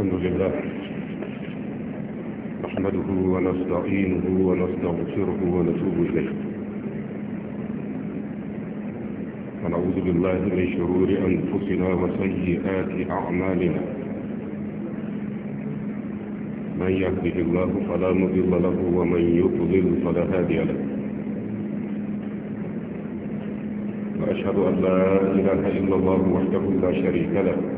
الحمد لله نحمده ونستعينه ونستغفره ونتوب إليه ونعوذ بالله من شرور أنفسنا وسيئات أعمالنا من يهده الله فلا مضل له ومن يضلل فلا هادي له وأشهد أن لا إله إلا الله وحده لا شريك له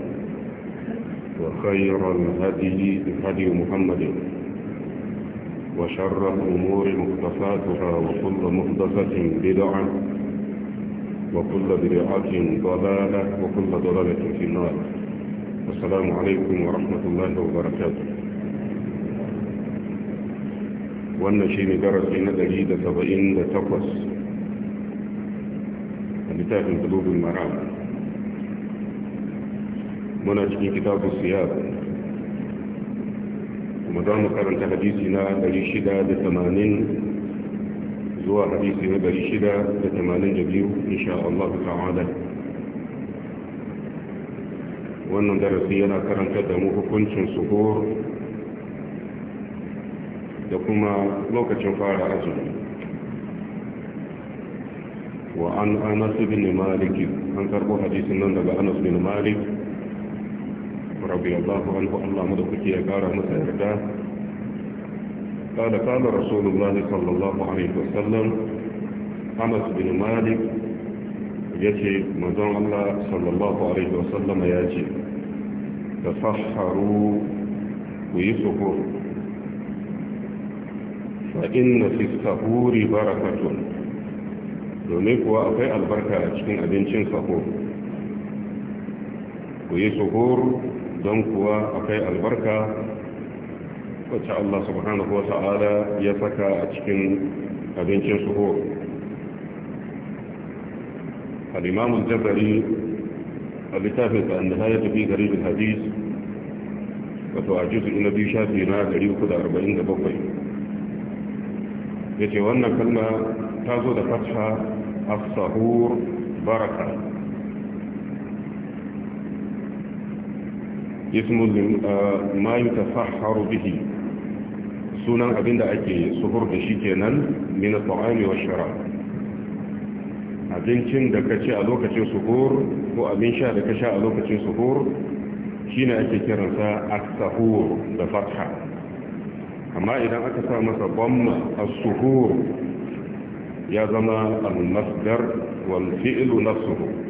خير الهدي هدي محمد وشر الأمور مقتصاتها وكل محدثة بدعة وكل بدعة ضلالة وكل ضلالة في النار السلام عليكم ورحمة الله وبركاته وأن shi ne darasi na 178 a littafin قلوب maram muna cikin kitabu siyar kuma za mu karanta hadisi na 680 zuwa hadisi na 682 insha Allah ta'ala wannan darasi yana karanta da mu hukuncin suhur da kuma lokacin fara azumi wa an anas bin malik an karbo hadisin nan daga anas bin malik رضي الله عنه الله مدفك يا قارة مسعدة قال قال رسول الله صلى الله عليه وسلم أنس بن مالك يجي مدعو الله صلى الله عليه وسلم يجي تصحروا ويسهر فإن في السهور بركة domin kuwa البركة أجل a cikin abincin sahur don kuwa akwai albarka wacce Allah subhanahu wa ta'ala ya saka a cikin abincin suho al-imam al-jabari a littafin da annaba ya tafi da hadis wato a jisu ina biyu shafi na 347 ya ce wannan kalma ta zo da fasha as-sahur baraka ismun uh, ma yi tafahharu bihi sunan abinda ke suhur da shi kenan min ta'ami shara abincin da ka ci a lokacin suhur ko abin sha da ka sha a lokacin suhur shine ake kiransa as suhur da fatha amma idan aka sa masa bamma as-suhur ya zama al-masdar wal fi'lu nafsuhu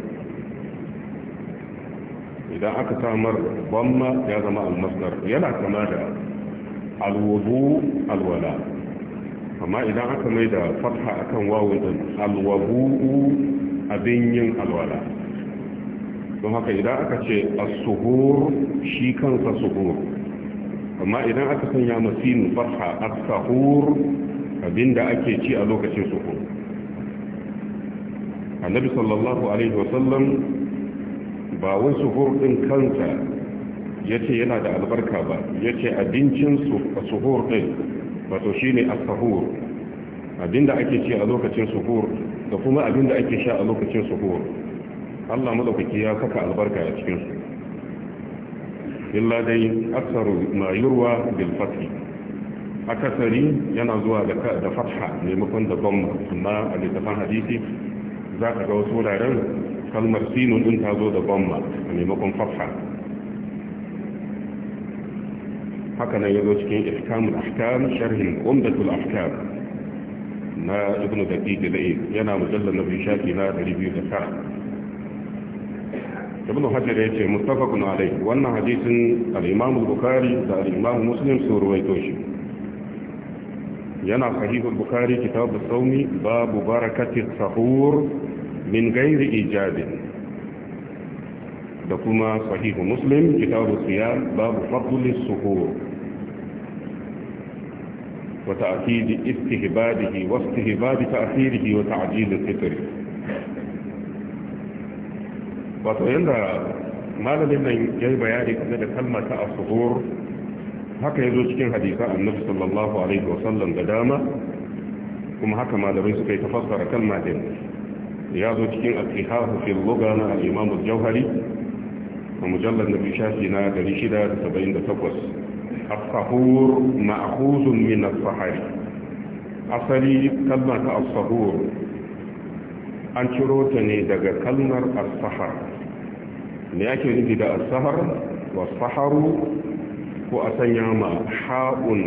idan aka samar bamma ya zama almasdar yana kama da alwabu alwala amma idan aka mai da fatha akan wawu din alwabu abin yin alwala don haka idan aka ce as-suhur shi kansa suhur amma idan aka sanya masin fatha as suhur abinda ake ci a lokacin suhur annabi sallallahu alaihi wasallam ba wai suhur din kansa ce yana da albarka ba ce abincin suhur din wato shine as-sahur abinda ake ci a lokacin suhur da kuma abinda ake sha a lokacin suhur Allah madaukaki ya saka albarka a cikin su illa dai aksaru ma yurwa bil fathi akasari yana zuwa da fatha maimakon da dhamma amma a littafin hadisi za ka ga wasu wuraren kalmar sinun din ta zo da bamma a maimakon fatha haka nan yazo cikin ihkamul ahkam sharhin umdatul ahkam na ibnu daqiq al-ayn yana mujallal na shafi na 209 ibnu hajar yace muttafaqun alayhi wannan hadisin al-imam al-bukhari da al-imam muslim su ruwaito shi yana sahih al-bukhari kitab as-sawmi babu barakati as-sahur من غير إيجاد دكما صحيح مسلم كتاب الصيام باب فضل السحور وتأكيد استهباده واستهباد تأثيره وتعجيل الفطر وتعند ما لدينا جايب بياني كما تكلم تاء السحور هكا يزوج كن حديثة النبي صلى الله عليه وسلم قدامة ثم هكا ما لبيس كي تفسر كلمة دينه ya zo cikin al-ihahu fil lugha na al-imam al-jawhari a mujallad na bishafi na 678 as-sahur ma'khuzun min as-sahari asali kalmar as-sahur an ciro ta ne daga kalmar as-sahar me yake nufi da as-sahar wa saharu ko a sanya ma ha'un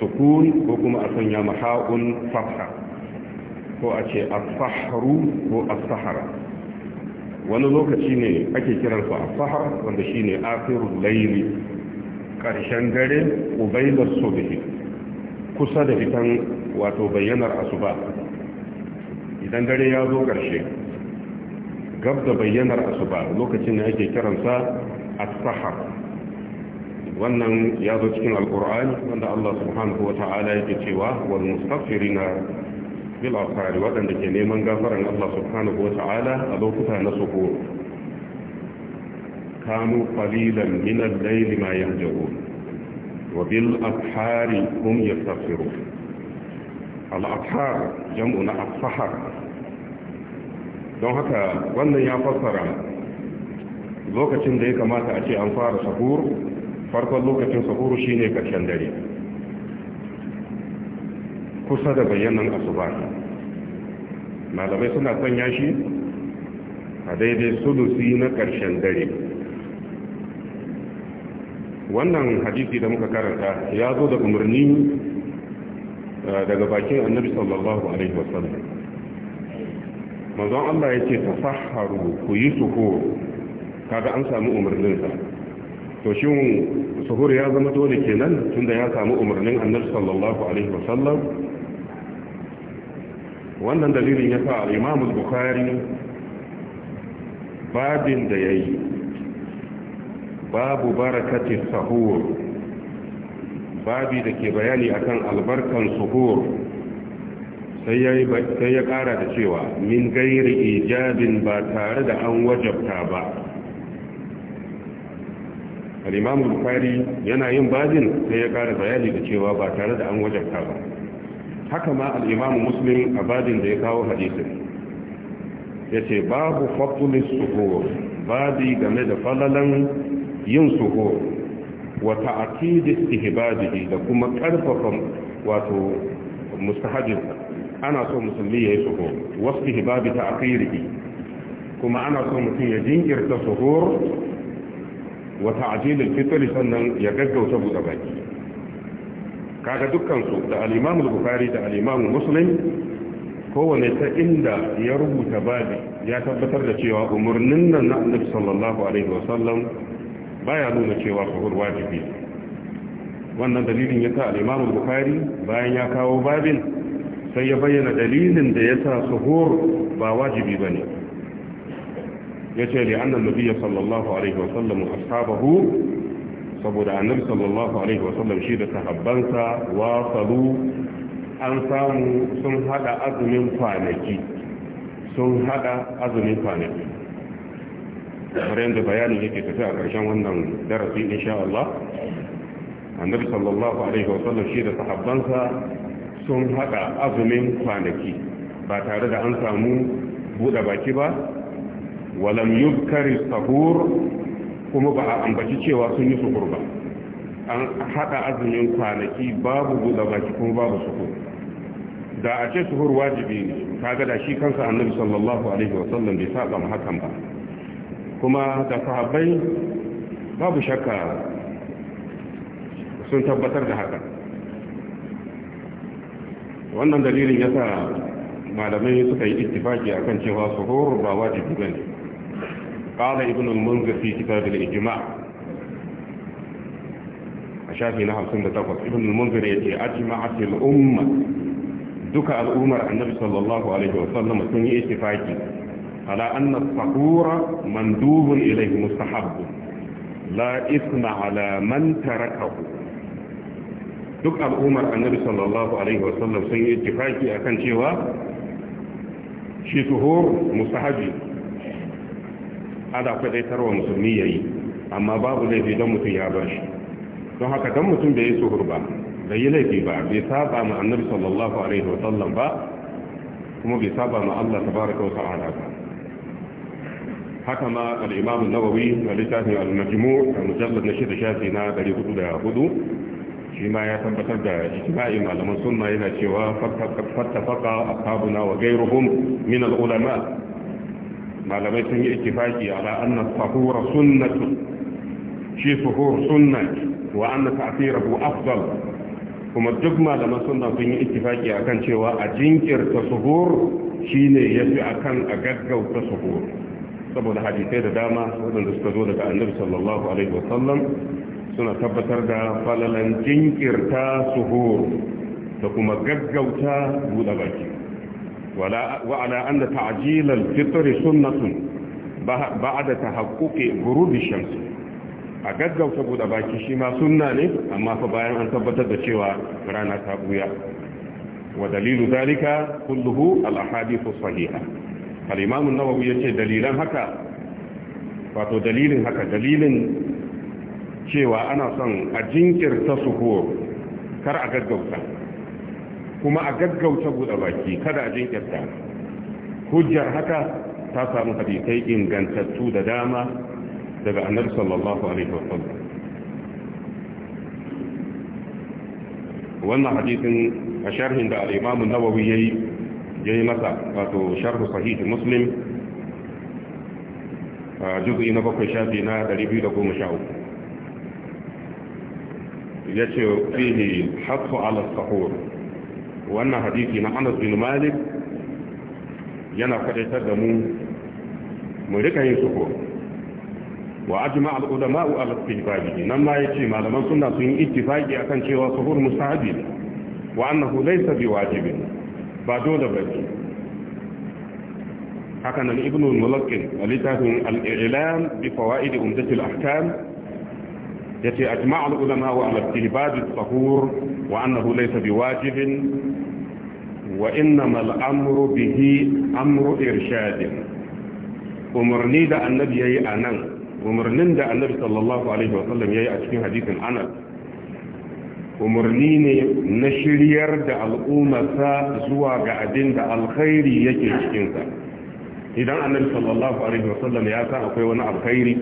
sukun ko kuma a sanya ma ha'un fatha ko a ce asahru ko asahara wani lokaci ne ake su asahar wanda shi ne afirul laili ƙarshen dare ubailar sobihi kusa da fitan wato bayyanar asuba idan dare ya zo ƙarshe gab da bayyanar asuba lokacin ne ake kiransa asahar wannan ya zo cikin alkur'ani wanda allah subhanahu wa ta'ala yake cewa wal mustafirina bil waɗanda ke neman gafaran Allah subhanahu wa ta'ala a lokuta na suko kanu qalilan min al-layli ma yahjurun wa bil afari hum yastaghfirun al-afar jam'u na afhar don haka wannan ya fassara lokacin da ya kamata a ce an fara sahur farkon lokacin sahuru shine karshen dare kusa da bayanan asuba malamai suna sanya shi a daidai sulusi na ƙarshen dare wannan hadisi da muka karanta ya zo da umarni eh, daga bakin annabi sallallahu alaihi wasallam manzon Allah ya ce tafaharu ku yi suhur kaga an samu umarninsa to shin suhur ya zama dole kenan tunda ya samu umarnin annabi sallallahu alaihi wasallam wannan dalilin ya sa al'imamu bukari babin da ya yi babu barakati sahur babi da ke bayani akan albarkan suhur sai ya ƙara da cewa min gairi ijabin ba tare da an wajabta ba al'imamu bukari yana yin babin sai ya ƙara bayani da cewa ba tare da an wajabta ba haka ma al'imamu muslim a badin da ya kawo hadisin ya ce babu faɗulis suhur badi game da falalan yin suhur wa ta'akidis ihibadihi da kuma ƙarfafa wato mustahajinsa ana so musulmi ya yi suhur wasu ihibabi ta akiriki kuma ana so mutum ya jinkirta suhur wa ta'ajilin fitri sannan ya gaggauta buɗe baki kaga dukkansu da al'imamu bukari da al'imamu muslim kowane ta inda ya rubuta babi ya tabbatar da cewa umarnin nan na annabi sallallahu alaihi wasallam baya nuna cewa suhur wajibi wannan dalilin ya sa al'imamu bukari bayan ya kawo babin sai ya bayyana dalilin da ya sa suhur ba wajibi ba ne ya ce li'annan nabiya sallallahu alaihi wasallam ashabahu saboda annabi sallallahu alaihi wa sallam shi da sahabbansa wasalu an samu sun hada azumin kwanaki sun hada azumin kwanaki kamar yadda bayanin yake tafi a ƙarshen wannan darasi insha Allah annabi sallallahu alaihi wa sallam shi da sahabbansa sun hada azumin kwanaki ba tare da an samu buɗe baki ba walam yuzkari sahur kuma ba a ambaci cewa sun yi sukur ba an haɗa azumin kwanaki babu buɗe baki kuma babu sukur da a ce sukur wajibi ne kaga da shi kansa annabi sallallahu alaihi sallam bai saba mu hakan ba kuma da sahabbai babu shakka sun tabbatar da haka wannan dalilin yasa malamai suka yi ittifaki akan cewa suhur ba wajibi bane قال ابن المنذر في كتاب الإجماع أشافي نهر سنة تقص ابن المنذر يتي أجمعت الأمة دك الأمر النبي صلى الله عليه وسلم سني اتفاقي على أن الصحور مندوب إليه مستحب لا إثم على من تركه duk al'ummar annabi sallallahu alaihi wasallam sun yi ittifaki akan cewa shi tuhur mustahabi ana kwadaitarwa musulmi ya yi amma babu laifi don mutum ya bar shi don haka don mutum bai yi suhur ba bai yi laifi ba bai saba ma annabi sallallahu alaihi wa ba kuma bai saba ma Allah tabaraka wa ta'ala ba haka ma al-imam an-nawawi a littafin al-majmu' a mujallad na shida shafi na 404 shi ma ya tabbatar da ijma'i malaman sunna yana cewa fattafaqa ashabuna wa ghayruhum min al-ulama' malamai sun yi ittifaki ala anna sahura sunnatu shi suhur sunna wa anna ta'sirahu afdal kuma duk malaman sunna sun yi a akan cewa a jinkirta suhur shine yafi akan a gaggauta suhur saboda hadisai da dama waɗanda suka zo daga annabi sallallahu alaihi wasallam suna tabbatar da falalan jinkirta suhur da kuma gaggauta buɗe baki وعلى أن تعجيل الفطر سنة بعد تحقق غروب الشمس أقدم سبود أباكي شما سنة لي أما فبايا أن ثبتت شوى رانا تابويا ودليل ذلك كله الأحاديث الصحيحة الإمام النووي يتي دليلا هكا wato dalilin haka dalilin cewa ana son a jinkirta suhuwar kar a gaggauta kuma a gaggauta buɗe baki kada a jinkirta hujjar haka ta samu hadisai ingantattu da dama daga annabi sallallahu alaihi wasallam wannan hadisin a sharhin da al-Imam an-Nawawi yayi yayi masa wato sharh sahih muslim a juz'i na bakwai shafi na 213 ya ce fihi hatsu ala sahur wannan hadisi na Anas bin Malik yana kwadaitar da mu mu rika yin suko wa ajma al ulama wa al nan ma yace malaman sunna sun yi ittifaqi akan cewa suhur mustahabi wa annahu laysa biwajibin ba dole bane haka nan ibnu al-mulaqqin al-litafin al-i'lam bi fawaid umdat al-ahkam يتي أجمع العلماء على استهباد الطهور وأنه ليس بواجب وإنما الأمر به أمر إرشاد أمرني دا النبي يي أنان أمرني دا النبي صلى الله عليه وسلم يي أشكي حديث أنا أمرني نشرير دا shiryar da al'ummarsa دا الخير يجي أشكي إذا النبي صلى الله عليه وسلم يأتى wasallam ya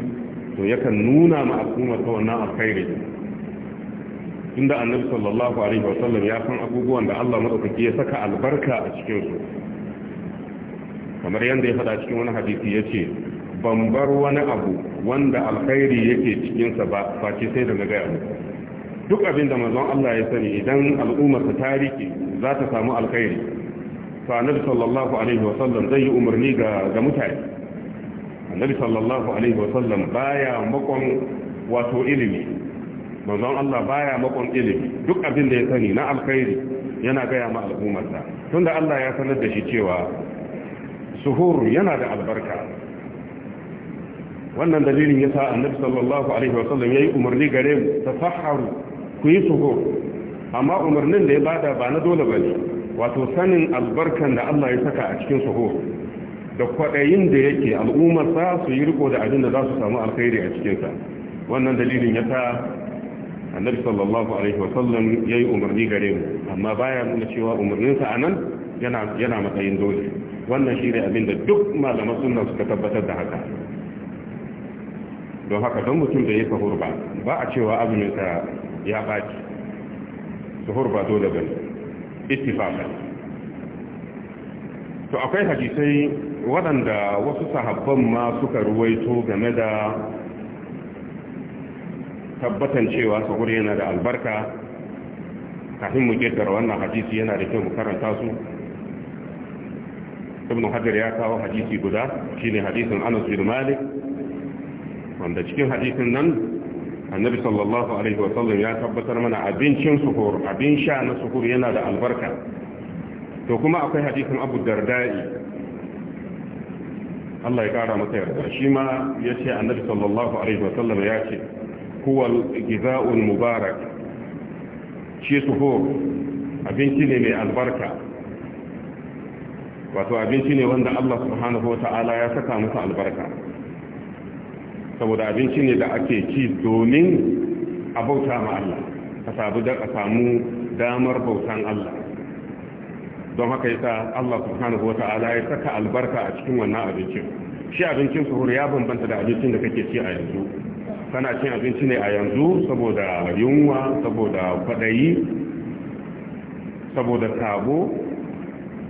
to yakan nuna ma al'umma ta wannan alkhairi Inda annabi sallallahu alaihi wa sallam ya san abubuwan da Allah madaukaki ya saka albarka a cikin su kamar yanda ya faɗa cikin wani hadisi yace ban bar wani abu wanda alkhairi yake cikin sa ba face sai da gaya muku duk abin da manzon Allah ya sani idan al'ummar ta tariki za ta samu alkhairi to annabi sallallahu alaihi wa sallam zai yi umarni ga ga mutane annabi sallallahu alaihi wasallam baya makon wato ilimi manzon Allah baya makon ilimi duk abin da ya sani na alkhairi yana gaya ma al'ummarsa tunda Allah ya sanar da shi cewa suhur yana da albarka wannan dalilin yasa annabi sallallahu alaihi wasallam yayi umarni gare mu tasahharu ku yi suhur amma umarnin da ya bada ba na dole bane wato sanin albarkan da Allah ya saka a cikin suhur da kwaɗayin da yake al'ummarsa su yi riko da abin da za su samu alkhairi a cikinsa wannan dalilin ya sa annabi sallallahu alaihi wasallam ya yi umarni gare mu amma baya nuna cewa umarninsa a nan yana matsayin dole wannan shi ne abin da duk malaman sunna suka tabbatar da haka don haka don mutum da ya sahur ba ba a cewa azuminsa ya ɓaci sahur ba dole ba ne to akwai hadisai waɗanda wasu sahabban ma suka ruwaito game da tabbatan cewa sahur yana da albarka kafin mu ƙetare wannan hadisi yana da kyau mu karanta su ibn hajar ya kawo hadisi guda shine hadisin anas bin malik wanda cikin hadisin nan annabi sallallahu alaihi wa sallam ya tabbatar mana abincin suhur abin sha na suhur yana da albarka to kuma akwai hadisin abu dardai Allah ya kara mata yarda shi ma ya ce annabi sallallahu alaihi wa sallam ya ce huwal giza'un mubarak shi suho abinci ne mai albarka wato abinci ne wanda Allah subhanahu wata'ala ya saka masa albarka saboda abinci ne da ake ci domin a bauta ma Allah a samu damar bautan Allah don haka yasa Allah subhanahu wata'ala ya saka albarka a cikin wannan abincin shi abincin suhur ya bambanta da abincin da kake ci a yanzu kana cin abinci ne a yanzu saboda yunwa saboda kwadayi saboda sabo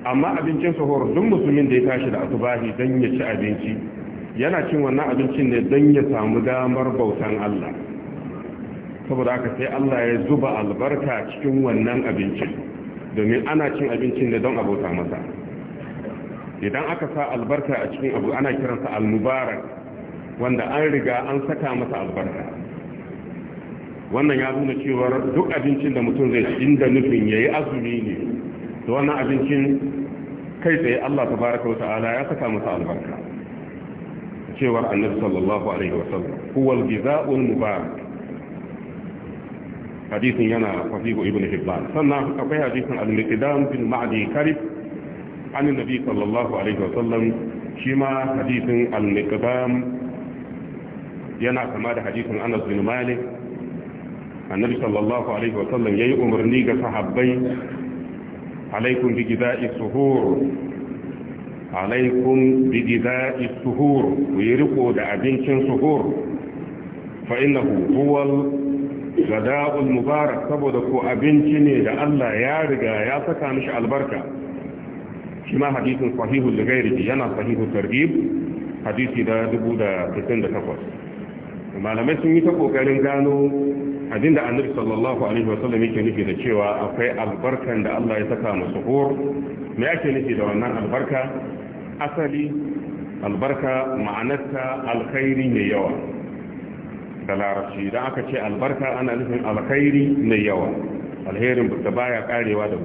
amma abincin suhur duk musulmin da ya tashi da asubahi don ya ci abinci yana cin wannan abincin ne don ya samu damar bautan Allah saboda haka sai Allah ya zuba albarka cikin wannan abincin domin ana cin abincin da don abota masa idan aka sa albarka a cikin abu ana kiransa al-mubarak wanda an riga an saka masa albarka wannan ya nuna cewar duk abincin da mutum zai inda nufin yayi azumi ne to wannan abincin kai tsaye Allah wa ta'ala ya saka masa albarka cewar annabi sallallahu alaihi wasallam huwal ghizaa'ul mubarak حديث ينا فصيب ابن حبان صنع أبي حديث الانتدام في المعدي كارب عن النبي صلى الله عليه وسلم شما حديث الانتدام ينا سماد حديث عن أنس بن مالك النبي صلى الله عليه وسلم يي أمرنيك صحبي عليكم بجداء السهور عليكم بجداء السهور ويرقوا دعبين سهور فإنه هو الانتدام gadaul mubarak saboda ko abinci ne da Allah ya riga ya saka mishi albarka shi ma hadisin sahihul yana sahihul targhib hadisi da 1098 malamai sun yi ta kokarin gano abin da annabi sallallahu alaihi wasallam yake nufi da cewa akwai albarkan da Allah ya saka mu suhur me yake nufi da wannan albarka asali albarka ma'anarta alkhairi mai yawa da larabci idan aka ce albarka ana nufin alkhairi mai yawa alherin da baya karewa da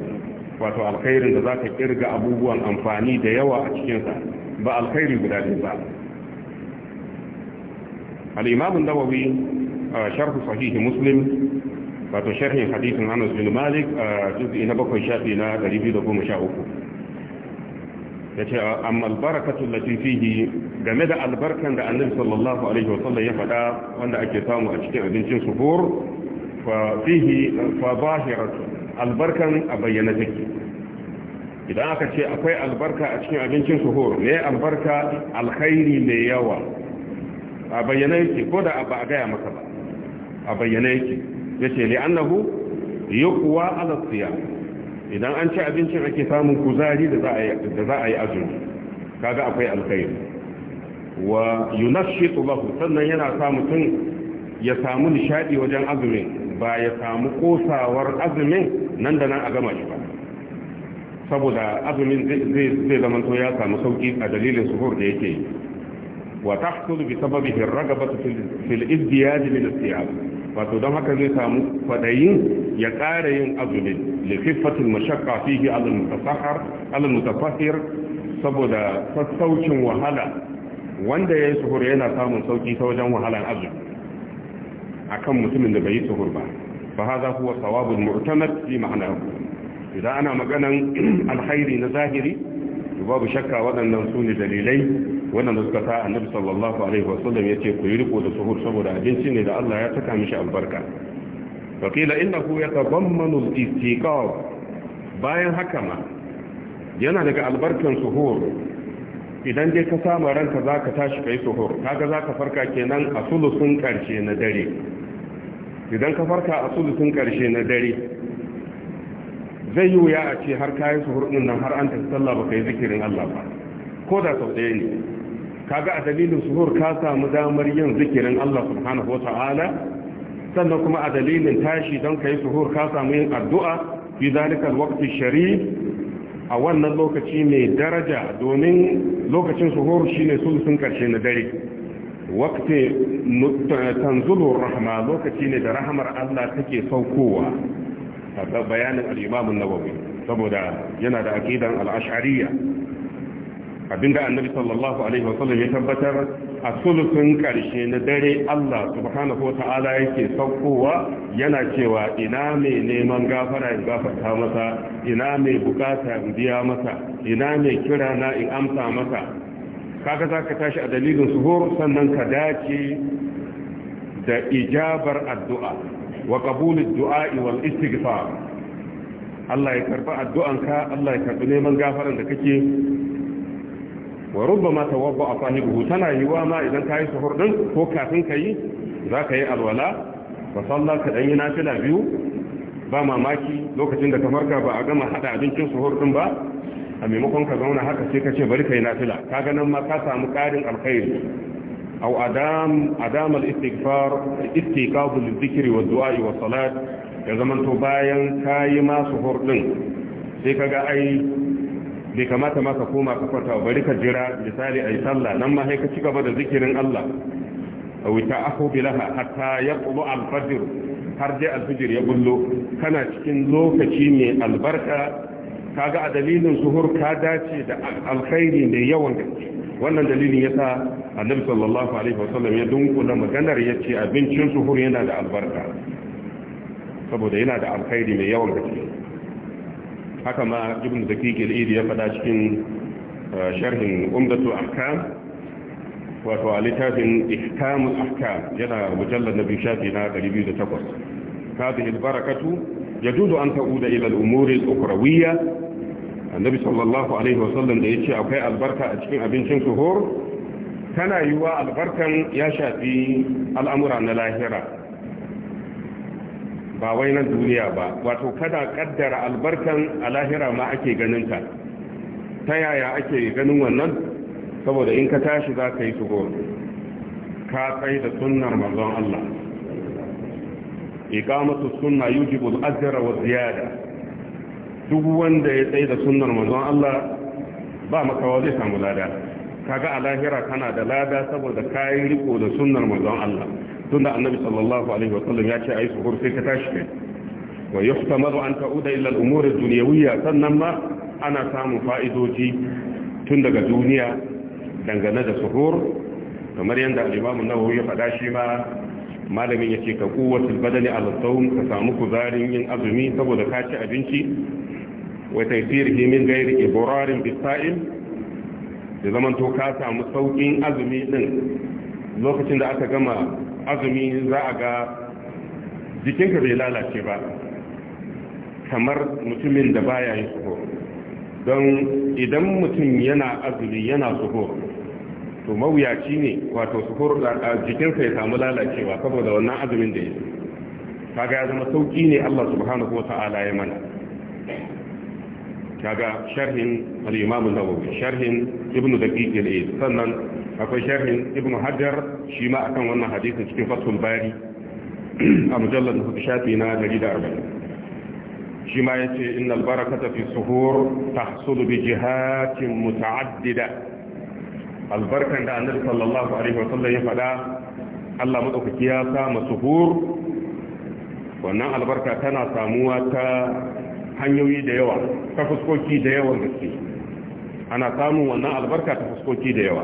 wato alkhairin da zaka kirga abubuwan amfani da yawa a cikin sa ba alkhairi guda ne ba al-imam an-nawawi sharh sahih muslim wato sharhin hadithin Anas bin Malik juz'i na bakwai shafi na 213 ya ce amma albarakatun latin game da albarkan da annabi sallallahu alaihi wasallam ya faɗa wanda ake samu a cikin abincin suhur fa fihi fa zahiratu albarkan a bayyana take idan aka ce akwai albarka a cikin abincin suhur ne albarka alkhairi mai yawa a bayyana yake ko da ba a gaya maka ba a bayyana yake yace li annahu yuqwa ala siyam idan an ci abincin ake samun kuzari da za a yi azumi kaga akwai alkhairi wa yunashitu lahu sannan yana sa mutum ya samu nishadi wajen azumin ba ya samu kosawar azumin nan da nan a gama shi ba saboda azumin zai zama to ya samu sauki a dalilin suhur da yake wa tahsulu bi sababihi ar-ragabatu fil izdiyad min as-siyam wato don haka zai samu fadayin ya ƙara yin azumin lififfatin mashakka fihi al-mutasahhir saboda sassaucin wahala wanda yayi suhur yana samun sauki ta wajen wahalar azumi akan mutumin da bai yi suhur ba fa za kuwa thawabul mu'tamad fi ma'nahu idan ana maganan alkhairi na zahiri babu shakka waɗannan su ne dalilai wannan da suka sa annabi sallallahu alaihi wasallam ya ce ku yi riko da suhur saboda abinci ne da Allah ya taka mishi albarka fa qila innahu yatabammanu al-istiqab bayan haka ma yana daga albarkan suhur idan dai ka samu ranka zaka tashi kai suhur kaga zaka farka kenan a sulusun karshe na dare idan ka farka a sulusun karshe na dare zai yi wuya a ce har kayan suhur din nan har an tafi sallah ba kai zikirin Allah ba ko da sau ɗaya ne kaga a dalilin suhur ka samu damar yin zikirin Allah subhanahu wa ta'ala sannan kuma a dalilin tashi don ka yi suhur ka samu yin addu'a fi zalika alwaqti sharif a wannan lokaci mai daraja domin lokacin suhur ne sulusun karshe na dare waqti tanzulu rahma lokaci ne da rahamar Allah take saukowa bayanin al-Imam nawawi saboda yana da aqidan al-Ash'ariyya abinda annabi sallallahu alaihi wasallam ya tabbatar a sulusun karshe na dare Allah subhanahu wata'ala yake saukowa yana cewa ina mai neman gafara in gafarta masa ina mai bukata in biya masa ina mai kira na in amsa masa kaga zaka tashi a dalilin suhur sannan ka dace da ijabar addu'a wa qabulid du'a'i wal istighfar Allah ya karba addu'anka Allah ya karbi neman gafaran da kake wa ma tawabba a sahibu tana yiwa ma idan ka yi suhur din ko kafin ka yi za ka yi alwala ba sallah ka ɗan yi nafila biyu ba mamaki lokacin da ka farka ba a gama haɗa abincin suhur din ba a maimakon ka zauna haka sai ka ce bari ka yi nafila ka ganin ma ka samu ƙarin alkhairi au adam adam al-istighfar wa du'a wa salat ya zamanto bayan kayi ma suhur din sai kaga ai bai kamata ma ka koma ka kwanta bari ka jira misali ai sallah nan ma sai ka ci gaba da zikirin Allah aw ta'ahu bilaha hatta yaqlu al-fajr har dai al-fajr ya bullo kana cikin lokaci mai albarka kaga a dalilin zuhur ka dace da alkhairi da yawan gaske wannan dalilin yasa annabi sallallahu alaihi wasallam ya dunkula maganar yace abincin zuhur yana da albarka saboda yana da alkhairi mai yawan gaske haka ma ibn dakiq al-eid ya faɗa cikin uh, sharhin umdatu ahkam wato a littafin ihkamul ahkam yana mujallad na biyu shafi na 208 ya البركة يجوز أن تعود إلى الأمور الأخروية Annabi sallallahu الله wa sallam da yace akwai albarka a cikin abincin suhur tana yiwa albarkan ya shafi al'amura na lahira ba wai nan duniya ba wato kada kaddara albarkan a lahira ma ake ganin ta ta yaya ake ganin wannan saboda in ka tashi za ka yi sugo ka tsaye da sunnar mazan Allah iqamatu sunna yujibu al-ajra wa ziyada duk wanda ya tsaye da sunnar mazan Allah ba makawa zai samu lada kaga a lahira kana da lada saboda kayan riko da sunnar manzon Allah tunda annabi sallallahu alaihi wasallam ya ce ai suhur sai ka tashi kai wa yuhtamalu an ta'uda ila al-umur ad-dunyawiyya sannan ma ana samun fa'idoji tun daga duniya dangane da suhur kamar yadda al-imam an-nawawi ya faɗa shi ma malamin yace ka kuwatul badani al-sawm ka samu kuzarin yin azumi saboda ka ci abinci wa taysirihi min ghairi ibrarin bis-sa'im da zaman to ka samu saukin azumi din lokacin da aka gama azumi za a ga jikinka bai lalace ba kamar mutumin da baya yin suho don idan mutum yana azumi yana suho to mawuyaci ne wato suho a jikinsa ya samu lalacewa saboda wannan azumin da ya yi kaga ya zama sauki ne Allah subhanahu wa ta'ala ya mana kaga sharhin al-imam an-nawawi sharhin ibnu daqiq al-aid sannan akwai sharhin ibnu hajar shi ma akan wannan hadisin cikin fathul bari a mujallad shafi na 140 shi ma yace innal barakata fi suhur tahsulu bi jihatin muta'addida albarkan da annabi sallallahu alaihi wa sallam ya faɗa Allah madaukaki ya sa masuhur wannan albarka tana samuwa ta hanyoyi da yawa ta fuskoki da yawan gaske ana samun wannan albarka ta fuskoki da yawa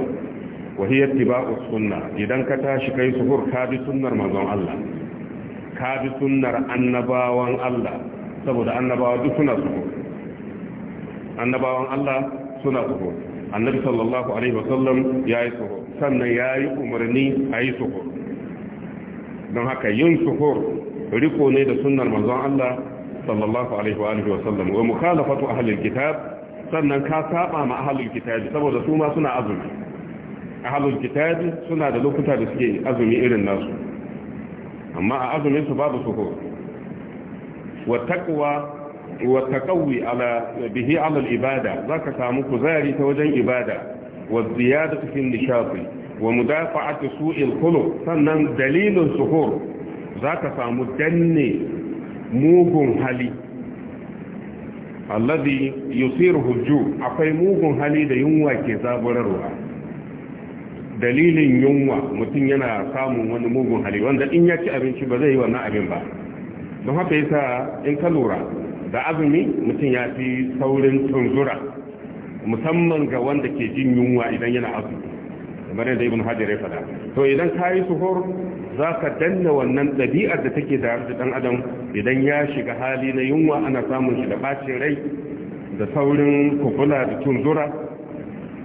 wahiyar tiba'u sunna idan ka tashi kai suhur ka bi sunnar mazan Allah ka bi sunnar annabawan Allah saboda annabawa duk suna suhur annabawan Allah suna suhur annabi sallallahu alaihi wasallam yi suhur sannan ya yi umarni a yi suhur don haka yin suhur riko ne da sunnar mazan Allah صلى الله عليه وآله وسلم ومخالفة أهل الكتاب صرنا كاسابا مع أهل الكتاب سبوز سوما سنة أظمي أهل الكتاب سنة دلو كتاب سكي أظمي إلى الناس أما أظمي سباب سهور والتقوى والتقوي على به على الإبادة ذاك سامو كزاري توجين إبادة والزيادة في النشاط ومدافعة سوء الخلق صرنا دليل السهور ذاك سامو دني mugun hali alladhi yusiruhu ju akwai mugun hali da yunwa ke zaburarwa dalilin yunwa mutum yana samun wani mugun hali wanda in ya ci abinci ba zai yi wannan abin ba don haka yasa in ka lura da azumi mutum ya fi saurin tunzura musamman ga wanda ke jin yunwa idan yana azumi kamar yadda ibn hajar ya faɗa to idan ka yi suhur za ka danna wannan ɗabi'ar da take da da ɗan adam idan ya shiga hali na yunwa ana samun shi da ɓacin rai da saurin kufula da tunzura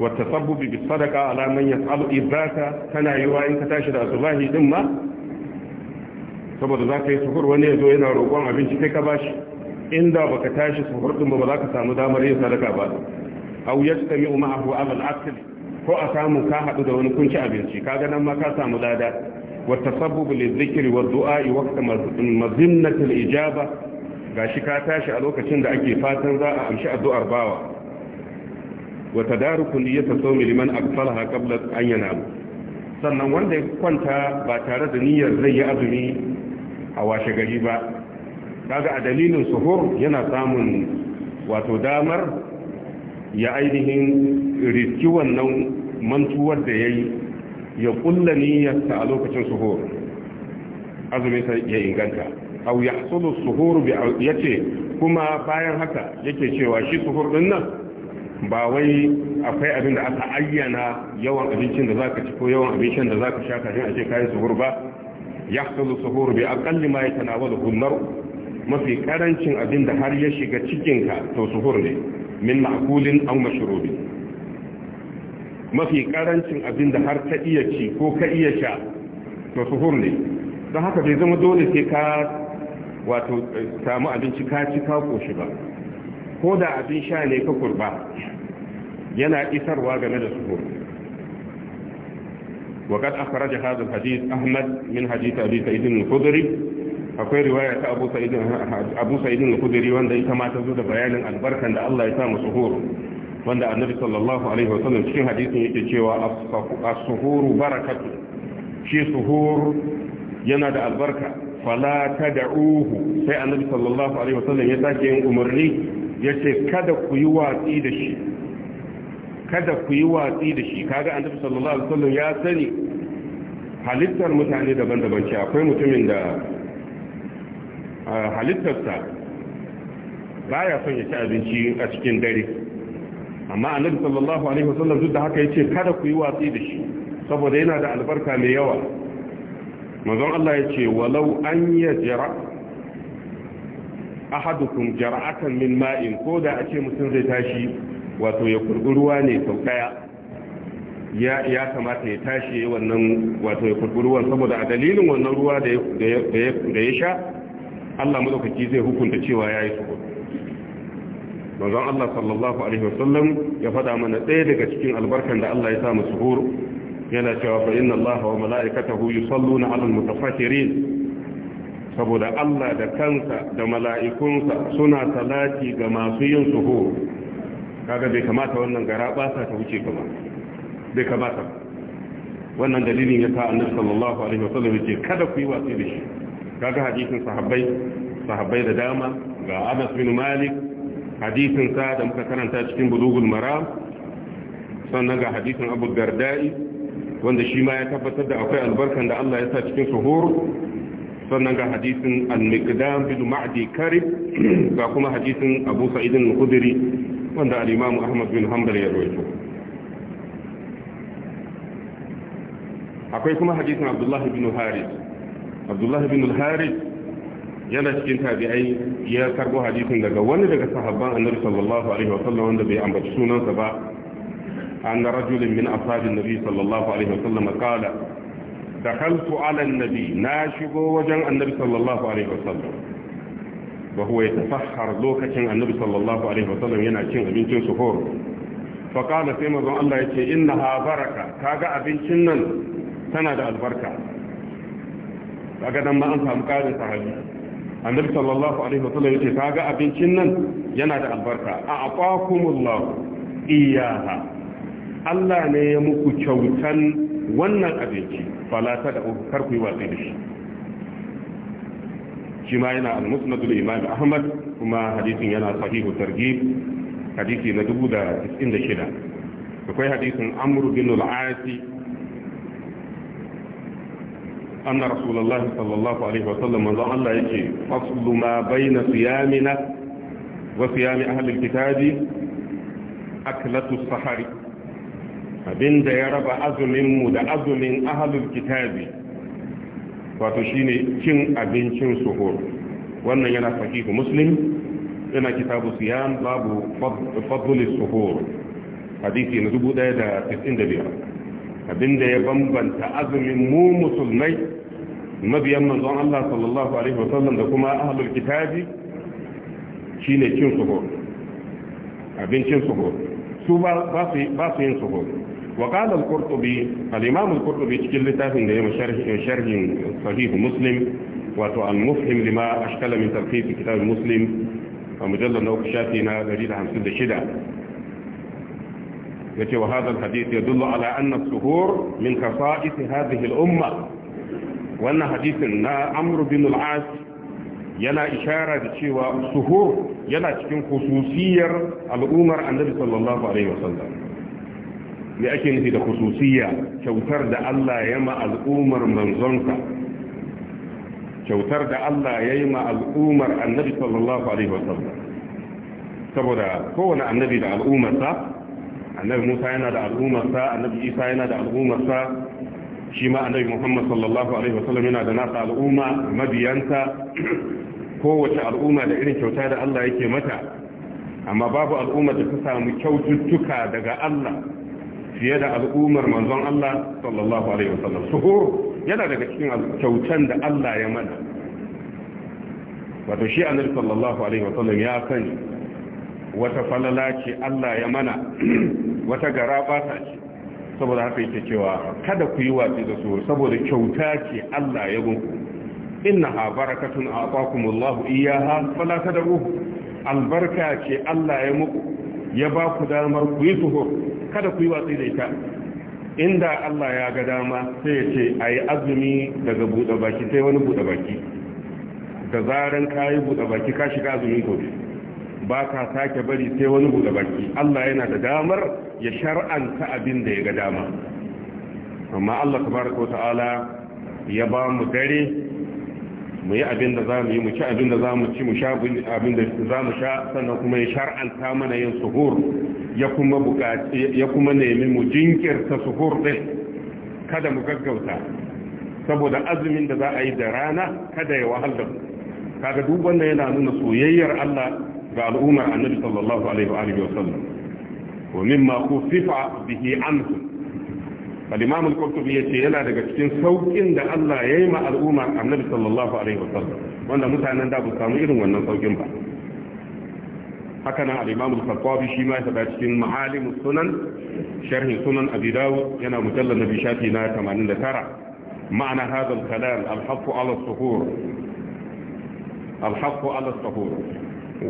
wata sabbubi bi sadaka alaman ya tsalu ibaka tana yi wa in ka tashi da asubahi din ma saboda za ka yi suhur wani ya zo yana roƙon abinci kai ka bashi inda baka tashi suhur din ba ba za ka samu damar yin sadaka ba au yastami'u ma'ahu abal aqli ko a samu ka haɗu da wani kunci abinci kaga nan ma ka samu lada wa tasabbubu lizikri wa du'a'i waqta mazimnatil ijaba gashi ka tashi a lokacin da ake fatan za a amshi addu'ar bawa wa tadaruku niyyata sawmi liman aqfalaha qabla an yanam sannan wanda ya kwanta ba tare da niyyar zai yi azumi a washe gari ba kaga a dalilin suhur yana samun wato damar ya ainihin riski wannan mantuwar da ya yi ya kulla niyyarsa a lokacin suhur azumin sa ya inganta au ya hasulu suhur ya ce kuma bayan haka yake cewa shi suhur din nan ba wai akwai abin da aka ayyana yawan abincin da zaka ci ko yawan abincin da zaka sha kafin a kayan suhur ba ya hasulu suhur bi aqalli ma yatanawalu an-nar mafi karancin abin da har ya shiga cikin ka to suhur ne min ma'kulin aw mashrubin mafi karancin abin da har ka iya ci ko ka iya sha to suhur ne don haka bai zama dole sai ka wato samu abinci ka ci ka koshi ba ko da abin sha ne ka kurba yana isarwa game da suhur وقد أخرج هذا الحديث أحمد من حديث أبي سعيد الخدري akwai riwaya ta Abu Sa'id Abu Sa'id al-Khudri wanda ita ma ta zo da bayanin albarkan da Allah ya sa mu horo wanda Annabi sallallahu alaihi wa sallam cikin hadisin yake cewa as-suhuru barakatu shi suhur yana da albarka fala tad'uhu sai Annabi sallallahu alaihi wa sallam ya sake yin umarni yace kada ku yi watsi da shi kada ku yi watsi da shi kaga Annabi sallallahu alaihi wa sallam ya sani halittar mutane daban-daban ce akwai mutumin da halittarsa ya son ya ci abinci a cikin dare amma annabi sallallahu alaihi wasallam duk da haka yace kada ku yi watsi da shi saboda yana da albarka mai yawa manzon Allah yace walau an yajra ahadukum jar'atan min ma'in ko da a ce mutum zai tashi wato ya kurbi ruwa ne sau daya ya ya kamata ya tashi wannan wato ya kurbi ruwan saboda a dalilin wannan ruwa da ya da ya sha Allah madaukaki zai hukunta cewa yayi suko manzon Allah sallallahu alaihi wasallam ya fada mana ɗaya daga cikin albarkan da Allah ya sa mu suhur yana cewa fa inna Allah wa mala'ikatahu yusalluna 'alal mutafakkirin saboda Allah da kansa da mala'ikunsa suna salati ga masu yin suhur kaga bai kamata wannan gara ba sa ta wuce gaba bai kamata wannan dalilin ya sa annabi sallallahu alaihi wasallam ya ce kada ku yi wasi da shi kaga hadisin sahabbai sahabbai da dama ga Anas bin Malik hadisin sa da muka karanta cikin bulugul maram sannan ga hadisin Abu Darda'i wanda shi ma ya tabbatar da akwai albarkan da Allah ya sa cikin suhur sannan ga hadisin al-miqdam bin ma'di karib ga kuma hadisin Abu Sa'id al-Khudri wanda al-Imam Ahmad bin Hanbal ya rawaito akwai kuma hadisin Abdullah bin Harith abdullahi bin al-harith yana cikin tabi'ai ya karbo hadisin daga wani daga sahabban annabi sallallahu alaihi wa sallam wanda bai ambaci sunansa ba An anna rajulin min ashabin nabi sallallahu alaihi wa sallam qala Da ala Alan nabi na shigo wajen annabi sallallahu alaihi wa sallam wa huwa yatafahhar lokacin annabi sallallahu alaihi wa sallam yana cin abincin suhur fa qala sai manzon Allah ya ce yace innaha baraka kaga abincin nan tana da albarka kaga dan ma an samu karin sahabi annabi sallallahu alaihi wasallam yace kaga abincin nan yana da albarka a aqakumullah iyaha Allah ne ya muku kyautan wannan abinci fala ta da uku yi watsi da shi shi ma yana al-musnadul imam ahmad kuma hadisin yana sahihu targhib hadisi na 1096 akwai hadisin amru bin al-aasi أن رسول الله صلى الله عليه وسلم وضع الله يجي فصل ما بين صيامنا وصيام أهل الكتاب أكلة الصحر فبين دا يرب أزمين مدى أزمين أهل الكتاب فتشيني كن أبين كن سهور وأن ينا فكيه مسلم إن كتاب صيام باب فضل السهور حديثي نزبو دا دا تسين دا بيرا فبين دا يبنبن تأزمين مو مسلمين mabiyan manzon Allah sallallahu alaihi wasallam da kuma ahlul kitabi shine cin suho abincin suho su ba su ba su yin suho wa qala al-qurtubi al-imam al-qurtubi cikin littafin da ya sharhi sharhin sahih muslim wato al-mufhim lima ashkala min tarkib kitab muslim a mujallal na uku shafi na 156 يتي وهذا الحديث يدل على أن السهور من خصائص هذه الأمة wannan hadisin na amru bin al-as yana ishara da cewa suhur yana cikin khususiyar al'ummar annabi sallallahu alaihi wasallam me ake nufi da khususiyya kyautar da Allah ya ma al'ummar manzonsa kyautar da Allah ya yi ma al'ummar annabi sallallahu alaihi wasallam saboda kowane annabi da al'ummarsa annabi Musa yana da al'ummarsa annabi Isa yana da al'ummarsa shi ma annabi Muhammad sallallahu alaihi wasallam yana da nasa al'umma mabiyansa kowace al'umma da irin kyauta da Allah yake mata amma babu al'umma da ta samu kyaututtuka daga Allah fiye da al'ummar manzon Allah sallallahu alaihi wasallam suhur yana daga cikin kyautan da Allah ya mana wato shi annabi sallallahu alaihi wasallam ya sani wata falala ce Allah ya mana wata garaba ta ce saboda haka yake cewa kada ku yi watsi da su saboda kyauta ce Allah ya gunku ha barakatun a'taakumullahu iyyaha fala tadruhu albarka ce Allah ya muku ya ba ku damar ku yi tuho kada ku yi watsi da ita inda Allah ya ga dama sai ya ce ayi azumi daga buɗe baki sai wani buɗe baki da zaran kayi buɗe baki ka shiga azumi gobe ba ka sake bari sai wani buɗe baki Allah yana da damar ya shar'anta abin da ya ga dama amma Allah tabaraka wa ta'ala ya ba mu dare mu yi abin da za mu yi mu ci abin da za mu ci mu sha abin da za mu sha sannan kuma ya shar'anta mana yin suhur ya kuma buƙaci ya kuma nemi mu jinkirta suhur din kada mu gaggauta saboda azumin da za a yi da rana kada ya wahalar kaga duk wannan yana nuna soyayyar Allah ga al'ummar annabi sallallahu alaihi wa wa sallam wa mimma khufifa bihi anhu al-imam al-qurtubi yace yana daga cikin saukin da Allah ya yi ma al'ummar annabi sallallahu alaihi wa sallam wanda mutanen da ba samu irin wannan saukin ba hakanan nan al-imam shi ma ya faɗa cikin ma'alim sunan sharhin sunan abi dawud yana mujallal nabi shafi na ma'ana hadha al-kalam suhur suhur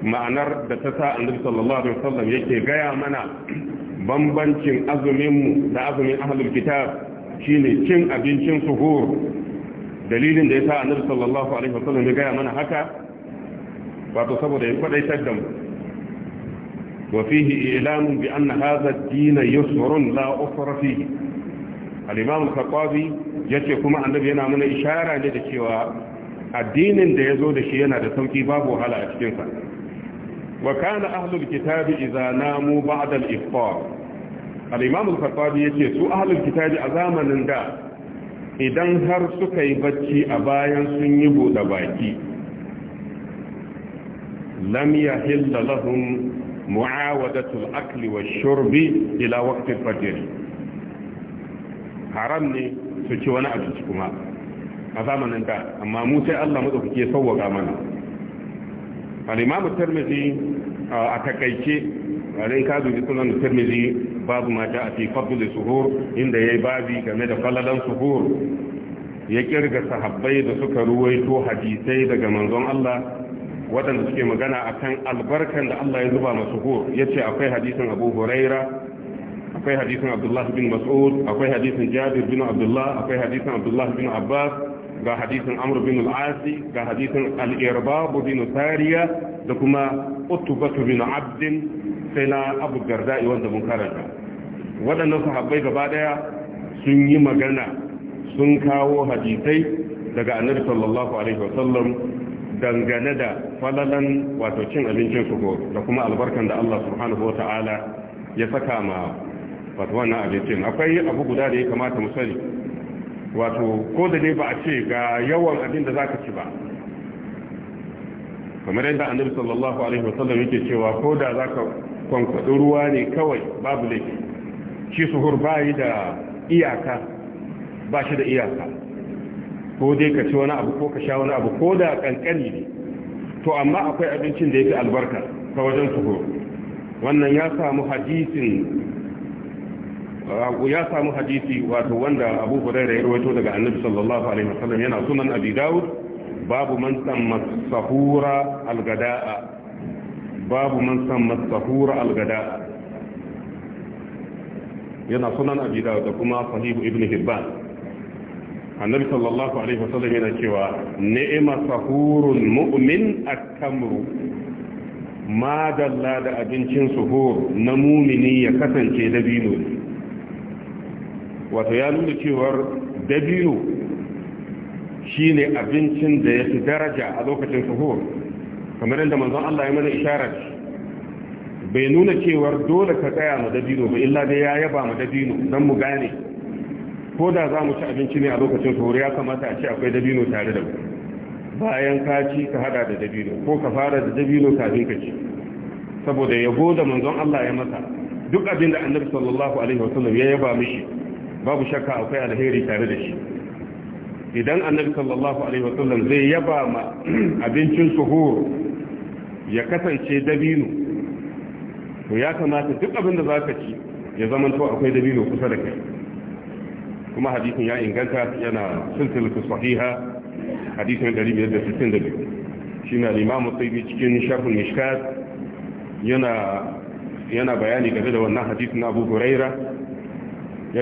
ma'anar da ta sa annabi sallallahu alaihi wasallam yake gaya mana bambancin azuminmu da azumin ahlul kitab shine cin abincin suhur dalilin da ya sa annabi sallallahu alaihi wasallam ya gaya mana haka wato saboda ya kwadaitar da mu wa fihi ilamun bi anna hadha ad-din yusrun la usra fihi al-imam al yace kuma annabi yana mana ishara ne da cewa addinin da yazo da shi yana da sauki babu wahala a cikin sa wa kana ahlul kitabi idza namu ba'da al-iftar al-imam al su ahlul kitabi a zamanin da idan har suka yi bacci a bayan sun yi buɗe baki lam yahilla lahum mu'awadatu akli wa shurbi ila waqti fajr haram ne su ci wani abinci kuma a zamanin da amma mu sai Allah mu dauke sauwaka mana Alimamu imamu a takaice ran ka dubi sunan babu mata a fi suhur inda yi babi game da falalan suhur ya kirga sahabbai da suka ruwaito hadisai daga manzon Allah waɗanda suke magana akan albarkan da Allah ya zuba masu hur ce akwai hadisin Abu Huraira akwai hadisin Abdullahi bin Mas'ud akwai hadisin Jabir bin Abdullah akwai hadisin Abdullah bin Abbas ga hadisin amr bin ga hadisin al-irbab bin tariya da kuma utubatu bin Abdin, sai na abu garda'i wanda mun karanta waɗannan sahabbai gaba ɗaya sun yi magana sun kawo hadisai daga annabi sallallahu alaihi wasallam dangane da falalan wato cin abincin su da kuma albarkan da Allah subhanahu wataala ya saka ma wato wannan abincin akwai abu guda da ya kamata mu sani wato ko da dai ba a ce ga yawan abin da za ka ci ba kamar yadda annabi sallallahu alaihi wasallam yake cewa ko da za ka kwankwaɗi ruwa ne kawai babu laifi shi suhur ba yi da iyaka ba shi da iyaka ko dai ka ci wani abu ko ka sha wani abu ko da kankani ne to amma akwai abincin da ya yake albarka ta wajen suhur wannan ya samu hadisin ya samu hadisi wato wanda abu hurairah ya rawaito daga annabi sallallahu alaihi wasallam yana sunan abi daud babu man samma sahura algada'a babu man samma sahura algada'a yana sunan abi daud da kuma sahihu ibn hibban annabi sallallahu alaihi wasallam yana cewa ni'ma sahurul mu'min at-tamru ma dalla da abincin suhur na mumini ya kasance dabino ne wato ya nuna cewar dabino shine abincin da ya fi daraja a lokacin sahur kamar yadda manzon Allah ya mana isharar bai nuna cewar dole ka tsaya ma dabino ba illa dai ya yaba ma dabino don mu gane ko da za mu ci abinci ne a lokacin sahur ya kamata a ce akwai dabino tare da mu bayan ka ci ka hada da dabino ko ka fara da dabino kafin ka ci saboda yabo da manzon Allah ya masa duk abin da annabi sallallahu alaihi wasallam ya yaba mishi babu shakka akwai alheri tare da shi idan annabi sallallahu alaihi wasallam zai yaba ma abincin suhur ya kasance dabino to ya kamata duk abin da zaka ci ya zama to akwai dabino kusa da kai kuma hadisin ya inganta yana silsilatu sahiha hadisin 562 shine al-imamu sayyidi cikin sharh al-mishkat yana yana bayani game da wannan hadisin Abu Hurairah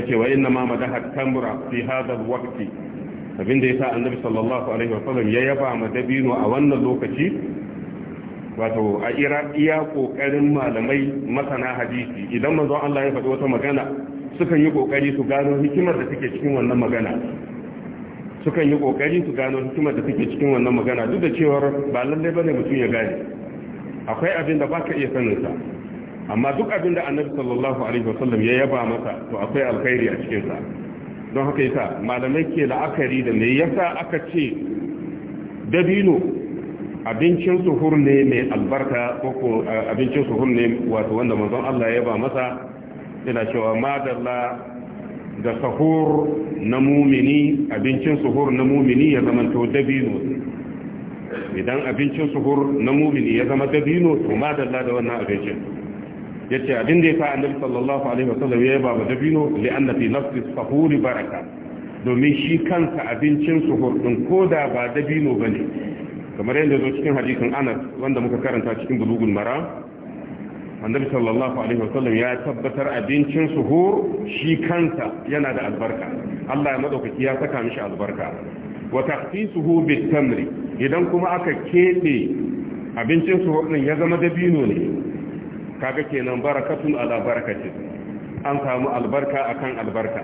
ce wa inna ma madaha tamra fi hadha alwaqti abin da yasa annabi sallallahu alaihi wasallam ya yaba ma dabino a wannan lokaci wato a ira iya kokarin malamai masana hadisi idan manzon Allah ya faɗi wata magana sukan yi kokari su gano hikimar da take cikin wannan magana sukan yi kokari su gano hikimar da take cikin wannan magana duk da cewa ba lalle bane mutum ya gane akwai abin da baka iya sanin sa amma duk abin da annabi sallallahu alaihi wasallam ya yaba masa to akwai alkhairi a cikin sa don haka yasa malamai ke la'akari da me yasa aka ce dabino abincin suhur ne mai albarka ko abincin suhur ne wato wanda manzon Allah ya yaba masa ina cewa madalla da suhur na mumini abincin suhur na mumini ya to dabino idan abincin suhur na mumini ya zama dabino to madalla da wannan abincin yace abin da yasa annabi sallallahu alaihi wasallam ya yaba ba dabino li anna fi nafsi sahuri baraka domin shi kansa abincin suhur din koda ba dabino bane kamar yadda zo cikin hadisin Anas wanda muka karanta cikin bulugul mara annabi sallallahu alaihi sallam ya tabbatar abincin suhur shi kansa yana da albarka Allah ya madaukaki ya saka mishi albarka wa takhsisuhu bit tamri idan kuma aka kebe abincin suhur din ya zama dabino ne kaga kenan barakatun ala barakati an samu albarka akan albarka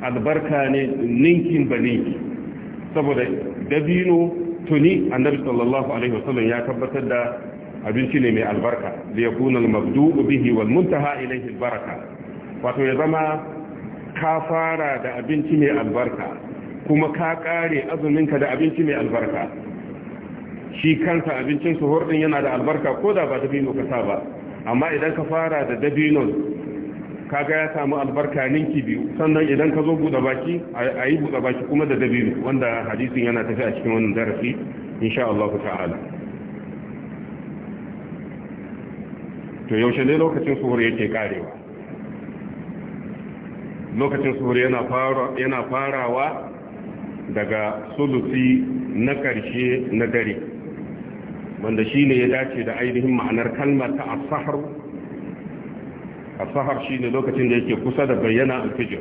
albarka ne ninkin ba ninki saboda dabino tuni annabi sallallahu alaihi wasallam ya tabbatar da abinci ne mai albarka da ya kuna mabdu'u bihi wal muntaha ilayhi albaraka wato ya zama ka fara da abinci mai albarka kuma ka kare azuminka da abinci mai albarka shi kansa abincin suhur din yana da albarka ko da ba dabino ka sa ba amma idan ka fara da dabinon kaga ya samu albarka ninki biyu sannan idan ka zo buɗe baki a yi buɗe baki kuma da dabino wanda hadisin yana tafi a cikin wannan darasi insha Allah ta'ala to yaushe ne lokacin suhur yake karewa lokacin suhur yana fara yana farawa daga sulusi na karshe na dare wanda shi ne ya dace da ainihin ma'anar kalmar ta asahar asahar shi ne lokacin da yake kusa da bayyana alfijir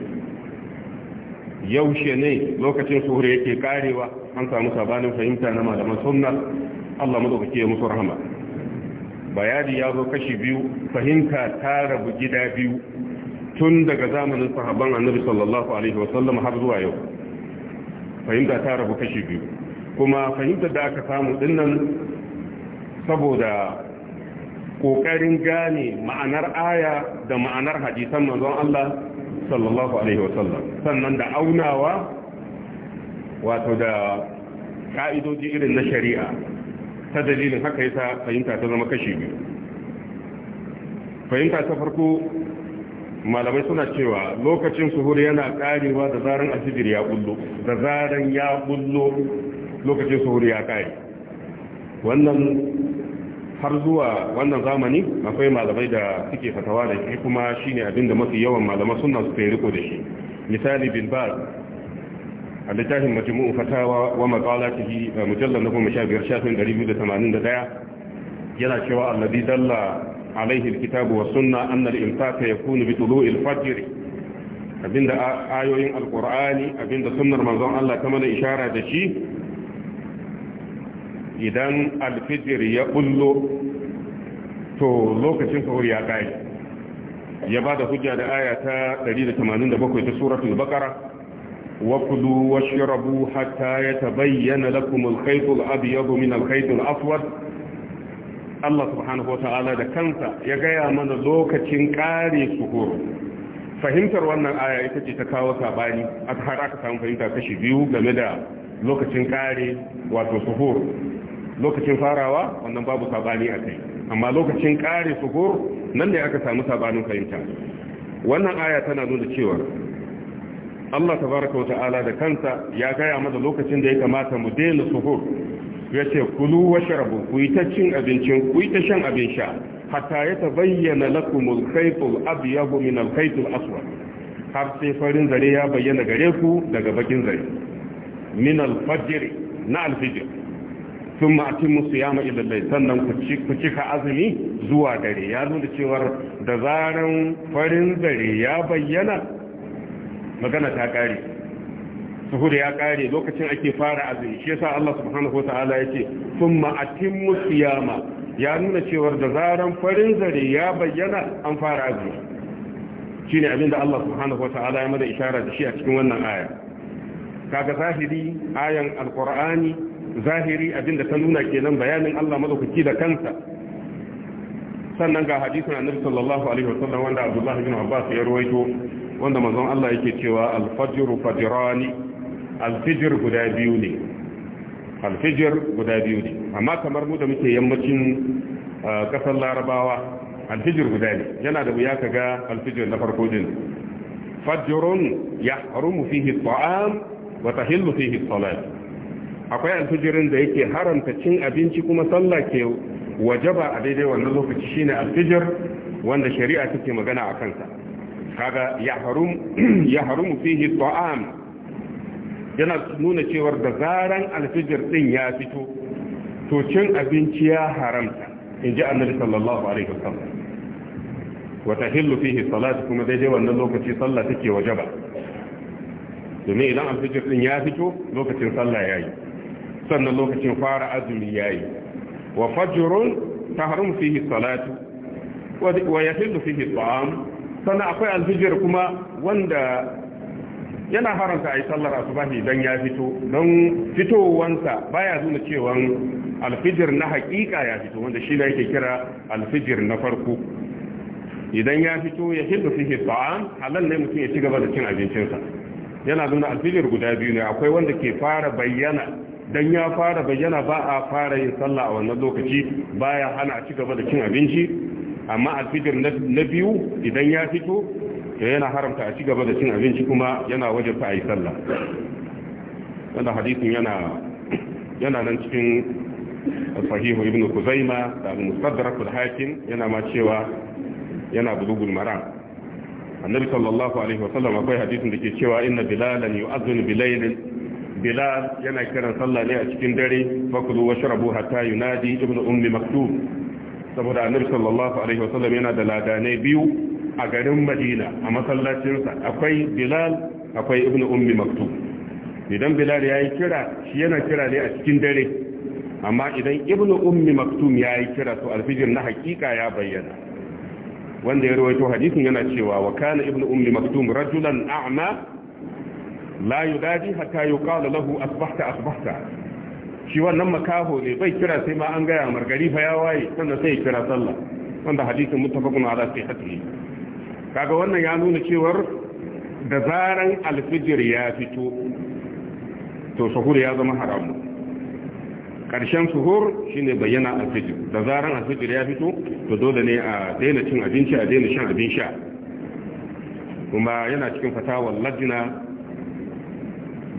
yaushe ne lokacin suhur yake karewa an samu sabanin fahimta na malaman sunna Allah madaukake ya musu rahama bayani ya zo kashi biyu fahimta ta rabu gida biyu tun daga zamanin sahaban annabi sallallahu alaihi wasallam har zuwa yau fahimta ta rabu kashi biyu kuma fahimtar da aka samu dinnan saboda ƙoƙarin gane ma'anar aya da ma'anar hadisan manzon Allah sallallahu alaihi wasallam sannan da aunawa wato da ka'idoji irin na shari'a ta dalilin haka yasa fahimta ta zama kashi biyu fahimta ta farko malamai suna cewa lokacin suhuri yana karewa da zaran alfijir ya kullo da zaran ya ƙullo lokacin suhuri ya kare wannan har zuwa wannan zamani akwai malamai da suke fatawa da shi kuma shine abin da mafi yawan malaman suna su kai riko da shi misali bin baz a littafin majmu'u fatawa wa maqalatihi mujallal na 15 shafin 281 yana cewa alladhi dalla alaihi kitabu wa sunna anna al-imsaka yakunu bi tulu'i al-fajr abinda ayoyin alqur'ani abinda sunnar manzon Allah ta mana ishara da shi idan alfijir ya bullo to lokacin sahur ya kai ya ba da hujja da aya ta 187 ta suratul baqara wa kulu washrabu hatta yatabayyana lakum al-khayt al-abyad min al-khayt aswad Allah subhanahu wa ta'ala da kansa ya gaya mana lokacin kare suhur fahimtar wannan aya ita ce ta kawo sabani aka har aka samu fahimta kashi biyu game da lokacin kare wato suhuru lokacin farawa wannan babu sabani a kai amma lokacin ƙare suhur nan ne aka samu sabanin fahimta wannan aya tana nuna cewa Allah tabaraka wa ta'ala da kansa ya gaya mana lokacin da ya kamata mu daina suhur ya ce kulu wa sharabu ku yi ta cin abincin ku yi ta shan abin sha hatta ya tabayyana lakumul khaytul abyahu min al khaytul aswad har sai farin zare ya bayyana gare ku daga bakin zare min al fajr na al fajr sun ma'atin musu ya ma'i sannan ku cika azumi zuwa dare ya nuna cewar da zaren farin dare ya bayyana magana ta ƙare suhur ya ƙare lokacin ake fara azumi shi yasa Allah subhanahu wa ta'ala ya ce sun ma'atin musu ya ma ya nuna cewar da zaren farin dare ya bayyana an fara azumi shi ne abinda Allah subhanahu wa ta'ala ya mada ishara da shi a cikin wannan aya kaga zahiri ayan alqur'ani zahiri abinda ta nuna kenan bayanin Allah madaukaki da kansa sannan ga hadisin annabi sallallahu alaihi wasallam wanda Abdullah ibn Abbas ya rawaito wanda manzon Allah yake cewa al-fajr fajrani al-fajr guda biyu ne al-fajr guda biyu ne amma kamar mu da muke yammacin kasar uh, Larabawa al-fajr guda ne yana da buya kaga al-fajr na farko din fajrun yahrumu fihi at-ta'am wa tahillu fihi as-salat akwai alfijirin da yake haramta cin abinci kuma sallah ke wajaba a daidai wannan lokaci shine alfijir wanda shari'a take magana a kansa kaga ya harum ya harumu fihi ta'am yana nuna cewar da zaran alfijir din ya fito to cin abinci ya haramta inji annabi sallallahu alaihi wasallam wa tahillu fihi salatu kuma daidai wannan lokaci sallah take wajaba domin idan alfijir din ya fito lokacin sallah ya yi. sannan lokacin fara azumi yayi wa fajrun tahrum fihi salatu wa yahillu fihi ta'am sannan akwai alfijir kuma wanda yana haramta a yi sallar asubahi don ya fito don fitowansa baya nuna cewa alfijir na hakika ya fito wanda shi ne yake kira alfijir na farko idan ya fito ya hindu fihi ta'am halal ne mutum ya ci gaba da cin abincinsa yana nuna alfijir guda biyu ne akwai wanda ke fara bayyana dan ya fara bayyana ba a fara yin sallah a wannan lokaci baya hana a ci gaba da cin abinci amma alfijir na biyu idan ya fito to yana haramta a ci gaba da cin abinci kuma yana wajabta a yi sallah wanda hadisin yana yana nan cikin sahihu ibnu kuzaima da al-mustadrak al-hakim yana ma cewa yana bulugul maram annabi sallallahu alaihi wasallam akwai hadisin da ke cewa inna bilalan yu'adhdhu bilailin bilal yana kiran sallah ne a cikin dare fakulu washrabu hatta yunadi ibnu ummi maktub saboda annabi sallallahu alaihi wasallam yana da ladanai biyu a garin madina a masallacinsa akwai bilal akwai ibnu ummi maktub idan bilal yayi kira shi yana kira ne a cikin dare amma idan ibnu ummi maktum yayi kira to alfijir na hakika ya bayyana wanda ya rawaito hadisin yana cewa wa kana ibnu ummi maktum rajulan a'ma la yunadi hatta yuqala lahu asbahta asbahta shi wannan makaho ne bai kira sai ma an gaya margari fa ya waye sannan sai ya kira sallah wanda hadisin muttafaqun ala sihhatihi kaga wannan ya nuna cewar da zaran alfijir ya fito to suhur ya zama haramu karshen suhur shine bayyana alfijir da zaran alfijir ya fito to dole ne a daina cin abinci a daina shan abin sha kuma yana cikin fatawar lajina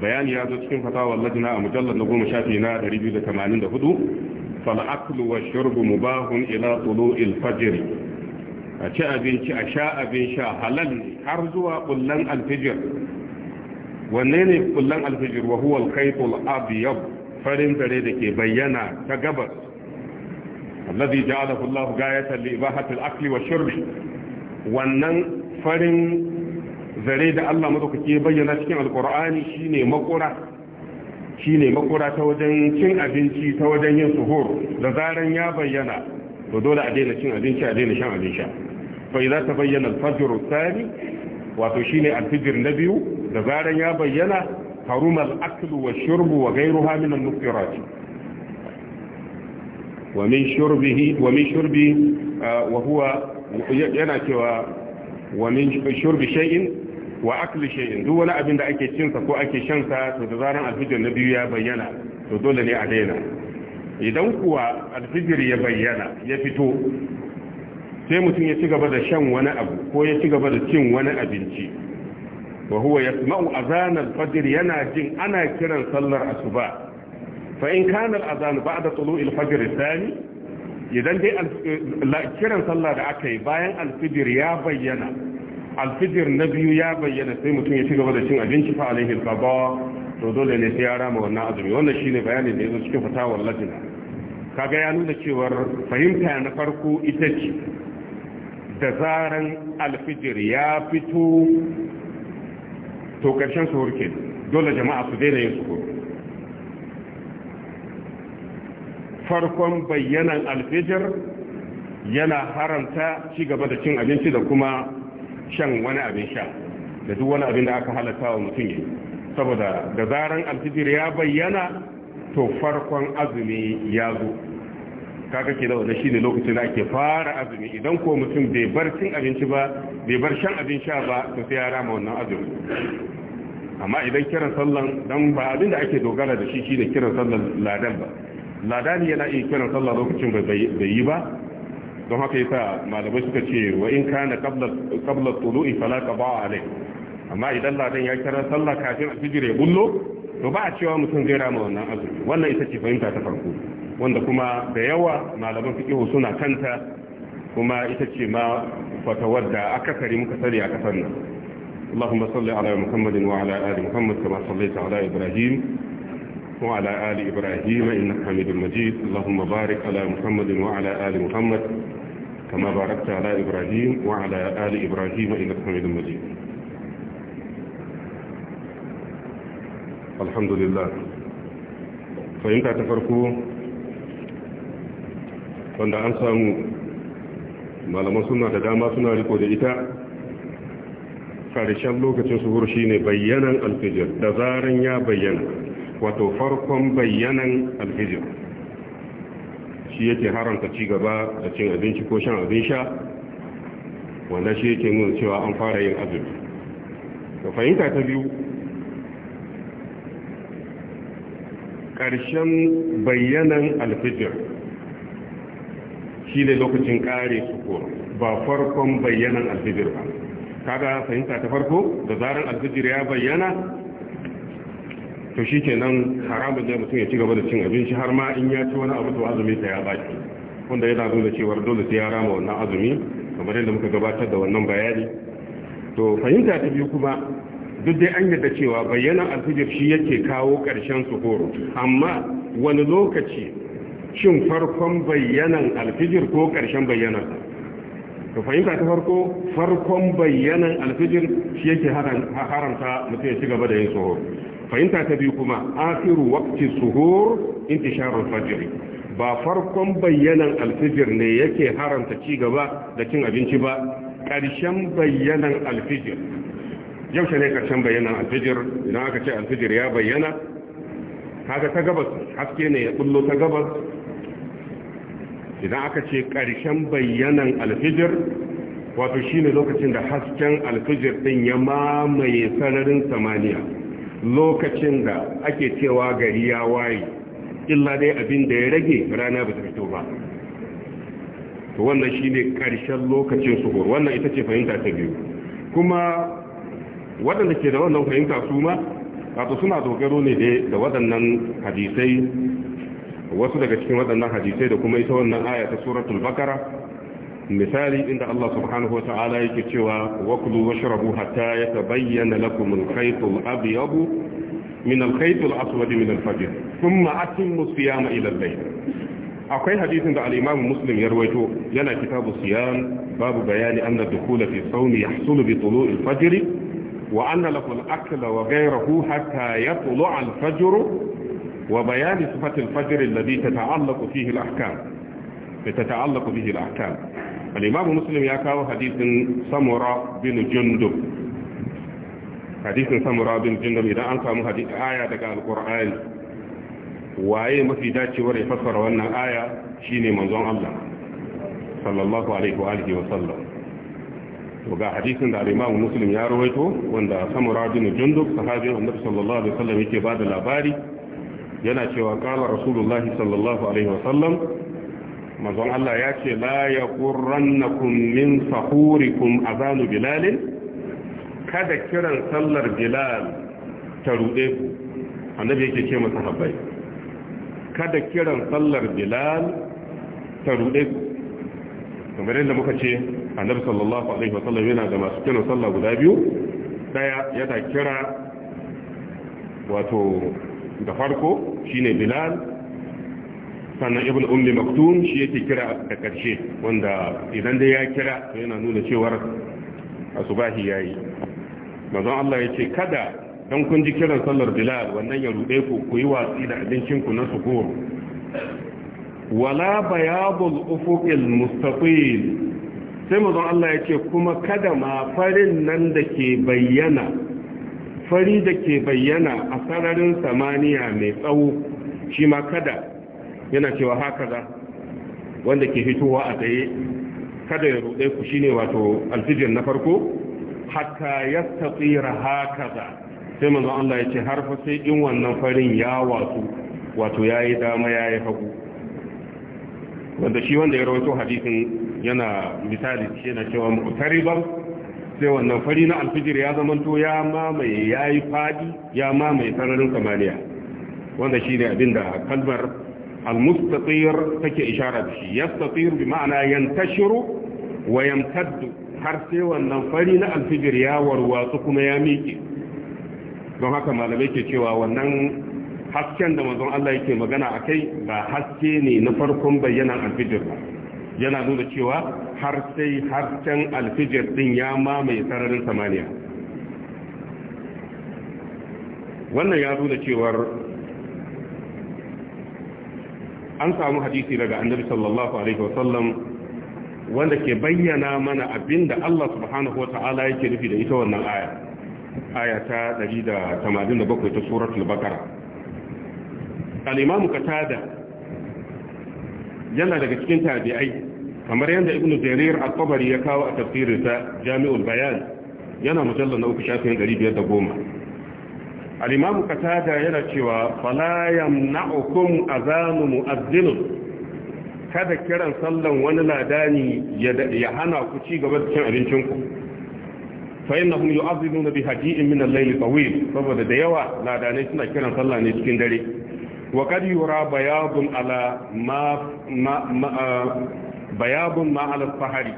bayani ya zo cikin fatawar lajina a mujallar na goma shafi na 284 fal'aklu wa shurbu mubahun ila tulu ilfajir a ci abinci a sha abin sha halal har zuwa kullan alfijir wanne ne kullan alfijir wa huwa alkhaytul abyad farin dare da ke bayyana ta gabas alladhi ja'alahu Allah gayatan li ibahatil akli wa shurbi wannan farin zare da Allah madaukaki ya bayyana cikin alkur'ani shine makura shine makura ta wajen cin abinci ta wajen yin suhur da zaran ya bayyana to dole a daina cin abinci a daina shan abin sha fa idza tabayyana al-fajr al-thani wato shine al-fajr na biyu da zaran ya bayyana haruma al-akl wa shurb wa ghayruha min al-muftirat wa min shurbihi wa min shurbi uh, wa huwa yana cewa wa min shurbi shay'in wa akli shay'in duk wani abin da ake cinsa ko ake shan sa to da zaran alfijir na biyu ya bayyana to dole ne a daina idan kuwa alfijir ya bayyana ya fito sai mutum ya ci gaba da shan wani abu ko ya ci gaba da cin wani abinci wa huwa yasma'u a al-fajr yana jin ana kiran sallar asuba fa in kana al-azan ba'da tulu'i al-fajr idan dai kiran sallar da aka yi bayan al ya bayyana alfijir na biyu ya bayyana sai mutum ya ci gaba da cin abinci fa alaihi alqada to dole ne sai ya rama wannan azumi wannan shine bayani da yazo cikin fatawar lajina kaga ya nuna cewar fahimta na farko ita ce da zaran alfijir ya fito to karshen suhur ke dole jama'a su daina yin suhur farkon bayyanan alfijir yana haramta ci gaba da cin abinci da kuma shan wani abin sha da duk wani abin da aka halatta wa mutum yi saboda da zaran alfijir ya bayyana to farkon azumi ya zo kaga ke da wanda ne lokacin da ake fara azumi idan ko mutum bai bar cin abinci ba bai bar shan abin sha ba to sai ya rama wannan azumi amma idan kiran sallan dan ba abin da ake dogara da shi shi ne kiran sallan ladan ba ladan yana iya kiran sallan lokacin bai yi ba don haka yasa malamai suka ce wa in kana qabla qabla tulu'i fala qada alai amma idan ladan ya kira sallah kafin alfijir ya bullo to ba a cewa mutum zai rama wannan azumi wannan ita ce fahimta ta farko wanda kuma da yawa malaman fiqh suna kanta kuma ita ce ma fatawar da akasari muka sani a kasar nan اللهم صل على محمد وعلى محمد كما صليت على وعلى آل إبراهيم إنك حميد مجيد اللهم بارك على محمد وعلى آل محمد كما باركت على إبراهيم وعلى آل إبراهيم إنك حميد مجيد الحمد لله fahimta ta farko wanda an samu malaman suna da dama suna riko da ita karshen lokacin suhur shine bayyanan alfijir da zaren ya bayyana wato farkon bayyanan alhijir shi yake haramta ci gaba da cin abinci ko shan abin sha wanda shi yake nuna cewa an fara yin azumi da fahimta ta biyu ƙarshen bayyanan alfijir shi ne lokacin ƙare suko ba farkon bayyanan alfijir ba kaga fahimta ta farko da zarar alfijir ya bayyana to shi nan haramun da mutum ya ci gaba da cin abinci har ma in ya ci wani abu to azumi ta ya baki wanda yana nuna cewar dole sai ya rama wannan azumi kamar yadda muka gabatar da wannan bayani to fahimta ta biyu kuma duk dai an yadda cewa bayanan alfijir shi yake kawo ƙarshen horo amma wani lokaci shin farkon bayyanan alfijir ko ƙarshen bayyanar to fahimta ta farko farkon bayyanan alfijir shi yake haramta mutum ya ci gaba da yin horo. fahimta ta biyu kuma akhiru waqti suhur intisharul fajr ba farkon bayyanan alfijir ne yake haramta ci gaba da cin abinci ba ƙarshen bayyanan alfijir yaushe ne ƙarshen bayyanan alfijir idan aka ce alfijir ya bayyana kaga ta gabas haske ne ya bullo ta gabas idan aka ce ƙarshen bayyanan alfijir wato shine lokacin da hasken alfijir din ya mamaye sararin samaniya lokacin da ake cewa gari ya waye illa dai abin da ya rage rana ba ta fito ba to wannan shine karshen lokacin suhur wannan ita ce fahimta ta biyu kuma waɗanda ke da wannan fahimta su ma wato suna dogaro ne da waɗannan hadisai wasu daga cikin waɗannan hadisai da kuma ita wannan aya ta suratul bakara misali inda Allah subhanahu wata'ala yake cewa wakulu washrabu hatta yatabayyana lakum al-khayt al-abyad min al-khayt al-aswad min al-fajr thumma atimmu siyama ila al-layl akwai hadisin da al-imam muslim ya rawaito yana kitabu siyam babu bayani anna dukhula fi sawmi yahsulu bi tulu' al-fajr wa anna lakum al-akla wa ghayruhu hatta yatlu' al-fajr wa bayani sifati al-fajr alladhi tata'allaqu fihi al-ahkam تتعلق به الأحكام al-imamu ya kawo hadisin samura bin jundub hadisin samura bin jundub idan an samu hadisi aya daga alqur'ani waye mafi dacewar ya fassara wannan aya shine manzon Allah sallallahu alaihi wa alihi wa to ga hadisin da al-imamu ya rawaito wanda samura bin jundub sahabi annabi sallallahu alaihi wa sallam yake bada labari yana cewa qala rasulullahi sallallahu alaihi wa sallam manzon Allah ya ce la ya qurrannakum min sahurikum azanu bilalin kada kiran sallar bilal ta ruɗe ku annabi yake ce masa habbai kada kiran sallar bilal ta ruɗe ku kamar yadda muka ce annabi sallallahu alaihi wasallam yana da masu kiran sallah guda biyu ɗaya yana kira wato da farko shine bilal sannan ibn ummi maktum shi yake kira da karshe wanda idan dai ya kira to yana nuna cewar asubahi yayi manzon Allah yace kada dan kun ji kiran sallar bilal wannan ya rude ku ku yi watsi da abincin ku na sukur wala bayadul ufuqil mustaqil sai manzon Allah yace kuma kada ma farin nan da ke bayyana fari da ke bayyana a sararin samaniya mai tsawo shi ma kada yana cewa haka za wanda ke fitowa a tsaye kada ya ruɗe ku shine wato alfijir na farko hatta ya tsira haka za sai manzo Allah ya ce har fa sai in wannan farin ya wasu wato yayi dama yayi hagu wanda shi wanda ya rawaito hadisin yana misali yana cewa mu mu'tariban sai wannan fari na alfijir ya zamanto ya mamaye yayi fadi ya mamaye sararin samaniya wanda shine abinda kalmar المستطير mustatir take ishara da shi ينتشر ويمتد ma'ana yantashiru wa yamtaddu har sai wannan fari na alfijir ya warwatsu kuma ya miƙe don haka malamai ke cewa wannan hasken da mazan Allah yake magana a kai ba haske ne na farkon bayyanan alfijir ba yana nuna cewa har sai hasken alfijir din ya mamaye sararin samaniya wannan ya nuna cewar an samu hadisi daga annabi sallallahu alaihi wasallam wanda ke bayyana mana abinda Allah subhanahu wata'ala yake nufi da ita wannan aya aya ta 187 ta suratul baqara al-imam yana daga cikin tabi'ai kamar yadda ibn jarir al-qabari ya kawo a tafsirinsa jami'ul bayan yana mujallal na uku shafin 510 Alimamu imamu ta yana cewa fala yamna'ukum azanu mu'azzin kada kiran sallar wani ladani ya hana ku ci gaba da cin abincin ku fa innahum na bi hadi'in min al-layl tawil saboda da yawa ladane suna kiran sallar ne cikin dare Waƙar yura bayadun ala ma ah, ala fahari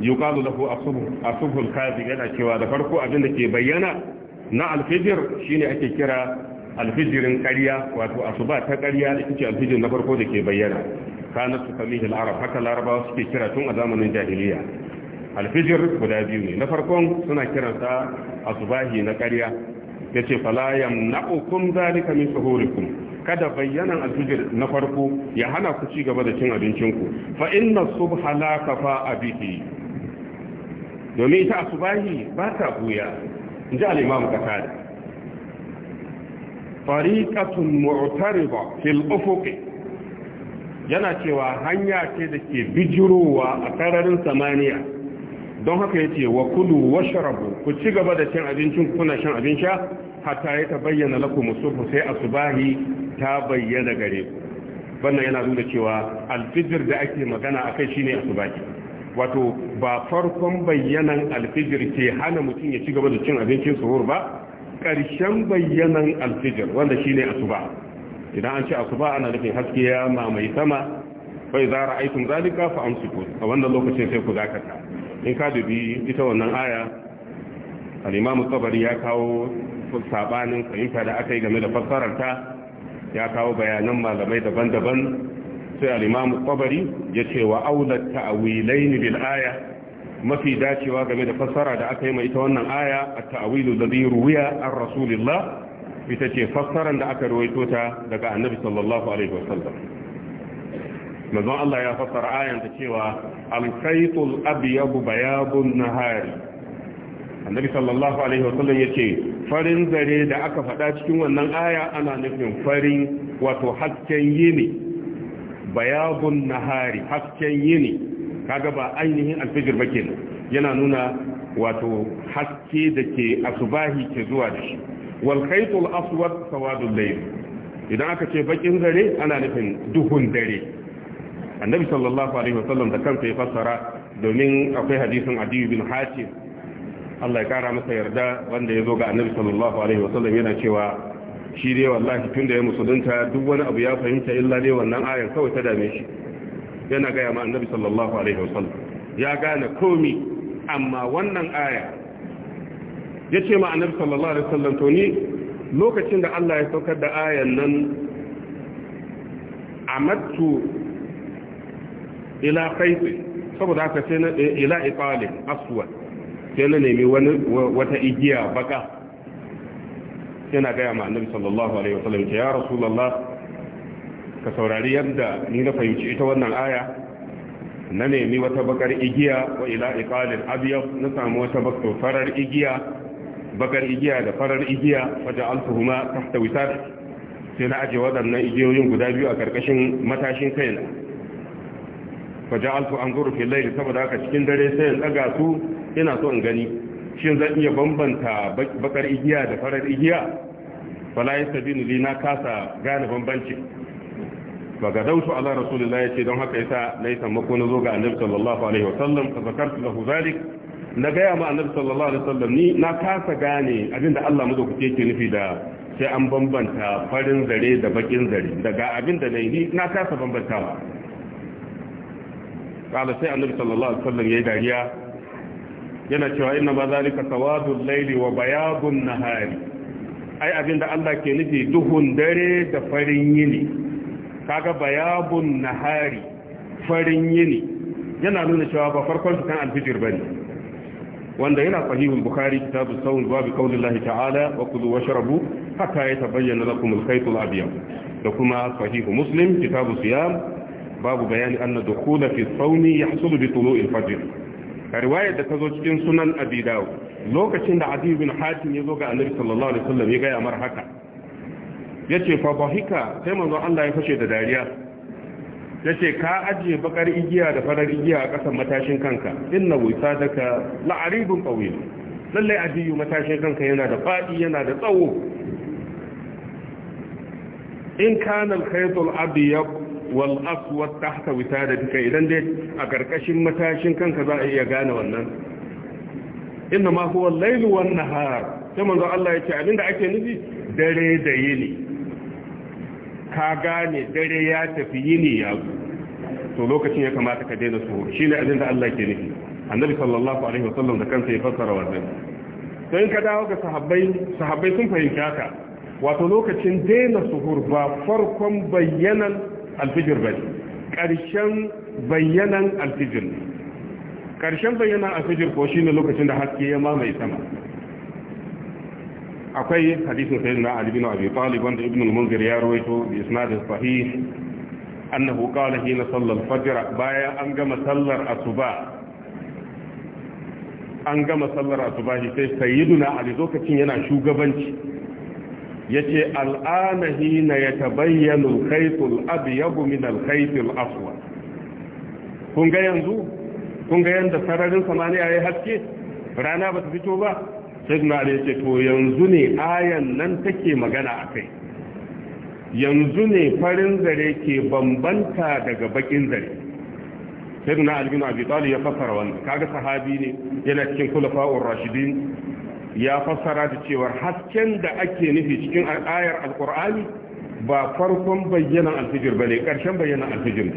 yana cewa da farko abin da ke bayyana na alfijir shine ake kira alfijirin ƙarya wato asuba ta ƙarya ita ce alfijir na farko da ke bayyana kana su kamihi al'arab haka larabawa suke kira tun a zamanin jahiliya alfijir guda biyu ne na farkon suna kiransa asubahi na ƙarya ya ce falayam na'ukum zalika min suhurikum kada bayyanan alfijir na farko ya hana ku ci gaba da cin abincinku fa inna subha la kafa abihi domin ita asubahi ba ta buya in ji al'imamu kasari fariƙatun mu'tariba fil ufuqi yana cewa hanya ce da ke bijirowa a sararin samaniya don haka yace wa kulu washrabu ku ci gaba da cin abincin kuna shan abin sha hatta ya tabayyana lakum subhu sai asbahi ta bayyana gare ku wannan yana nuna cewa alfijir da ake magana akai shine asbahi wato ba farkon bayyanan alfijir ke hana mutum ya ci gaba da cin abincin suhur ba ƙarshen bayyanan alfijir wanda shi ne asuba idan an ce asuba ana nufin haske ya mamaye sama bai za aikin zalika fa amsiku a wannan lokacin sai ku zakata in ka dubi ita wannan aya alimamu tsabari ya kawo sabanin fahimta da aka yi game da fassararta ya kawo bayanan malamai daban-daban sai al-imam qabari yace wa aula ta'wilain bil aya mafi dacewa game da fassara da aka yi mai ita wannan aya a tawilu alladhi ruwiya an rasulillah ita ce fassaran da aka rawaito ta daga annabi sallallahu alaihi wasallam manzon Allah ya fassara ayan ta cewa al-khaytul abyad nahari annabi sallallahu alaihi wasallam yace farin zare da aka faɗa cikin wannan aya ana nufin farin wato hasken yini bayabun nahari hasken yini kaga ba ainihin alfijir ba kenan yana nuna wato haske da ke asubahi ke zuwa da shi wal khaytul aswad sawadul layl idan aka ce bakin dare ana nufin duhun dare annabi sallallahu alaihi wasallam da kanta ya fassara domin akwai hadisin adi bin hatim Allah ya kara masa yarda wanda ya zo ga annabi sallallahu alaihi wasallam yana cewa shi dai wallahi tun da ya musulunta duk wani abu ya fahimta illa dai wannan ayar kawai ta dame shi yana gaya ma annabi sallallahu alaihi wasallam ya gane komi amma wannan aya ya ce ma annabi sallallahu alaihi wasallam to ni lokacin da Allah ya saukar da ayan nan amattu ila qaisi saboda haka sai na ila iqalin aswa sai na nemi wani wata igiya baka yana gaya ma annabi sallallahu alaihi wasallam ya rasulullah ka saurari yadda ni na fahimci ita wannan aya na nemi wata bakar igiya wa ila iqalil abyad na samu wata bakar farar igiya bakar igiya da farar igiya wajen alfuhuma tahta wisar sai na aje waɗannan igiyoyin guda biyu a karkashin matashin kaina wajen alfu an fi laili saboda haka cikin dare sai in su ina so in gani shin zan iya bambanta bakar igiya da farar igiya fala yastabinu ni na kasa gane bambanci faga dautu ala rasulullah ce don haka yasa yi sammako na zo ga annabi sallallahu alaihi wasallam fa zakartu lahu zalik na gaya ma annabi sallallahu alaihi wa sallam. ni na kasa gane abinda Allah madaukake ke nufi da sai an bambanta farin zare da bakin zare daga abinda nayi ni na kasa bambantawa kala sai annabi sallallahu alaihi wa wasallam yayi dariya yana cewa inna ma zalika sawadul layli wa bayadun nahari ai abinda Allah ke nufi duhun dare da farin yini kaga bayabun nahari farin yini yana nuna cewa ba farkon su kan alfijir bane wanda yana sahihul bukhari kitabu sawul babu qaulillahi ta'ala wa kulu washrabu hatta yatabayyana lakum al-khaytul abyad da kuma sahihu muslim kitabu siyam babu bayani anna dukhula fi sawmi yahsulu bi tulu'il fajr riwayar da ta zo cikin sunan abi lokacin da adi bin hatim ya zo ga annabi sallallahu alaihi wasallam ya gaya mar haka ce fa bahika sai manzo Allah ya fashe da dariya yace ka ajiye bakar igiya da farar igiya a kasan matashin kanka inna wisadaka la'aribun tawil lalle ajiyu matashin kanka yana da faɗi yana da tsawo in kanal al-khaytul wal aswad tahta witadatika idan dai a karkashin matashin kanka za a iya gane wannan inna ma huwa al na wan nahar sai manzo Allah ya ce abinda ake nufi dare da yini ka gane dare ya tafi yini ya zo to lokacin ya kamata ka daina suhur ne abinda Allah ke nufi annabi sallallahu alaihi wasallam da kansa ya fassara wannan sai ka dawo ga sahabbai sahabbai sun fahimci haka wato lokacin daina suhur ba farkon bayyanan alfijir bane ƙarshen bayyanan alfijir ne ƙarshen bayyanan alfijir ko shine lokacin da haske ya mamaye sama akwai hadisin sayyidina Ali bin Abi Talib wanda Ibn al-Munzir ya rawaito bi isnadin sahih annahu qala hina salla al-fajr bayan an gama sallar asuba an gama sallar asuba sai sayyiduna Ali lokacin yana shugabanci yace al'ana hina yatabayyanu al-khaytul abyad min al-khaytil aswa kun ga yanzu kun ga yanda sararin samaniya yayi haske rana ba ta fito ba sai na da yace to yanzu ne ayan nan take magana a kai? yanzu ne farin zare ke bambanta daga bakin zare sai na albinu ya fasara wannan kaga sahabi ne yana cikin kulafa'ur rashidin ya fassara da cewar hasken da ake nufi cikin ayar alkur'ani ba farkon bayyanan alfijir ba ne ƙarshen bayyanan alfijir ne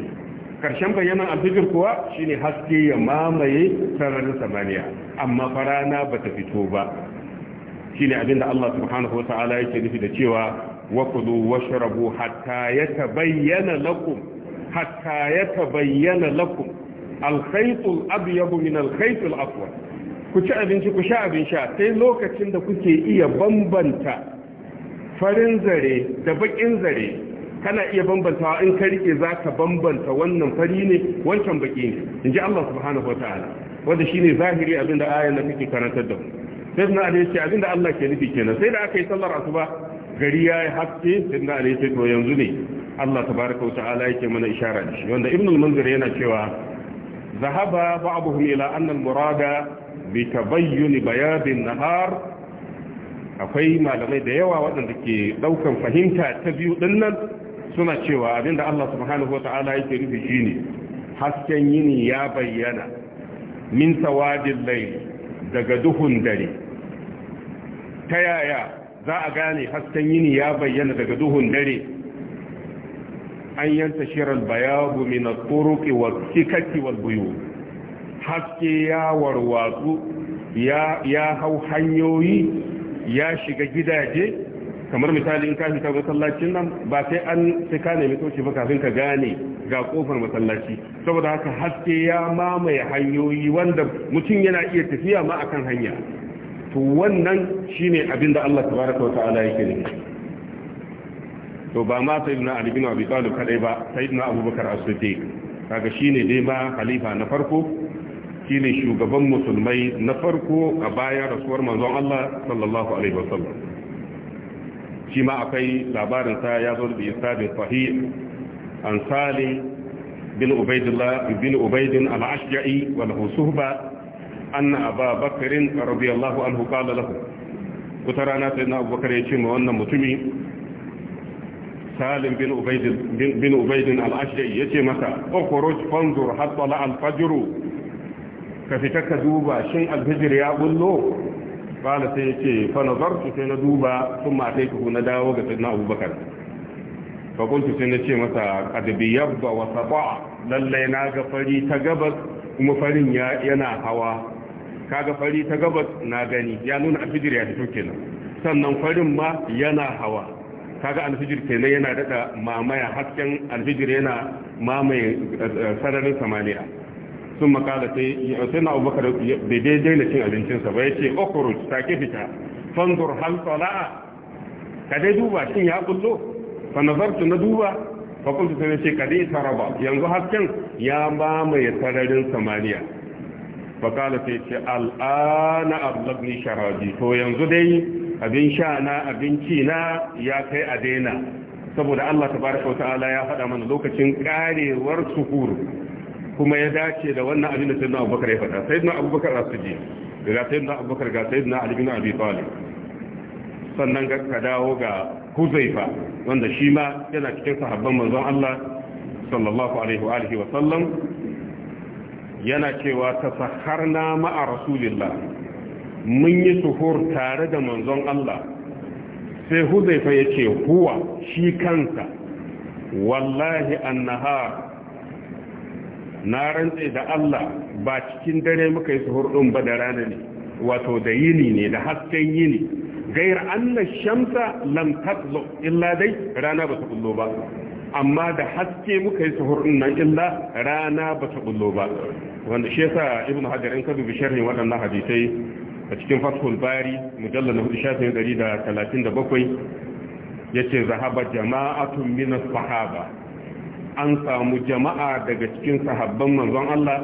ƙarshen bayyanan alfijir kuwa shine haske ya mamaye sararin samaniya amma farana ba ta fito ba shine abin da Allah subhanahu wa ta'ala yake nufi da cewa wa kudu washrabu hatta yatabayyana lakum hatta yatabayyana lakum al-khaytul abyadu min al aswad ku ci abinci ku sha abin sha sai lokacin da kuke iya bambanta farin zare da bakin zare kana iya bambantawa in ka rike za ka bambanta wannan fari ne wancan baki ne in ji Allah subhanahu wa ta'ala wanda zahiri abin da ayan da kake karantar da mu sai na ali ce abin da Allah ke nufi kenan sai da aka yi sallar asuba gari ya yi haske sai na ali ce to yanzu ne Allah tabaraka wa ta'ala yake mana ishara da shi wanda ibn al-munzir yana cewa zahaba ba'a ila anna al litabayyuni bayadin nahar akwai malamai da yawa waɗanda ke ɗaukan fahimta ta biyu ɗin nan suna cewa abinda Allah subhanahu wata'ala yake nufi shine hasken yini ya bayyana min sawadin daga duhun dare ta yaya za a gane hasken yini ya bayyana daga duhun dare an yanta shirar bayabu min at-turuqi was-sikati wal-buyut haske ya warwatsu ya hau hanyoyi ya shiga gidaje kamar misali in ka shiga masallacin nan ba sai an sai ka nemi toci ba kafin ka gane ga kofar masallaci saboda haka haske ya mamaye hanyoyi wanda mutum yana iya tafiya ma akan hanya to wannan shine abin da Allah tabaraka wa ta'ala yake nufi to ba ma sai na Ali bin Abi ba sai abubakar Abu As-Siddiq kaga shine dai ma khalifa na farko shine shugaban musulmai na farko a baya rasuwar manzon Allah sallallahu alaihi wasallam shi ma akwai labarin sa ya zo da isabin sahih an sali bin ubaidillah bin ubaidin al-ashja'i wal husuba anna aba bakr radiyallahu anhu qala lahu kutarana sayyidina abubakar ya ce ma wannan mutumi salim bin ubaidin bin ubaidin al-ashja'i yace masa ukhruj fanzur hatta la al-fajr ka fita ka duba shin alfijir ya bullo bala sai ya ce fa nazartu sai na duba sun ma kuku na dawo ga sayyidina abubakar fa kuntu sai na ce masa adabi yabba wa sata lallai na ga fari ta gabas kuma farin yana hawa kaga fari ta gabas na gani ya nuna alfijir ya fito kenan sannan farin ma yana hawa kaga alfijir kenan yana daɗa mamaya hasken alfijir yana mamaye eh, sararin samaniya sun makala sai na abubakar daidai dai daina cin abincinsa ba ya ce ta sake fita fanzur halsala ka dai duba cin ya kullo fa nazartu na duba fa kuntu sai ce ka dai taraba yanzu hasken ya mamaye sararin samaniya fa kala sai ce al'ana ablagni sharaji to yanzu dai abin sha na abinci na ya kai a daina saboda Allah tabaraka wa ta'ala ya faɗa mana lokacin karewar suhur kuma ya dace da wannan abin da sayyidina abubakar ya faɗa sayyidina abubakar asiji ga sayyidina abubakar ga sayyidina ali bin abi talib sannan ga ka dawo ga huzaifa wanda shi ma yana cikin sahabban manzon Allah sallallahu alaihi wa alihi wa sallam yana cewa tasahharna ma'a rasulillah mun yi suhur tare da manzon Allah sai huzaifa ce, huwa shi kansa wallahi annahar na rantse da Allah ba cikin dare muka yi suhur ba da rana ne wato da yini ne da hasken yini gair anna shamsa lantarki illa dai rana ba su kullo ba amma da haske muka yi suhur nan illa rana ba su kullo ba wanda shi yasa ibnu hajar in ka dubi sharhin waɗannan hadisai a cikin fathul bari mujallar na hudu shafin ɗari da talatin da bakwai ya ce zahaba jama'atun min sahaba an samu jama'a daga cikin sahabban manzon Allah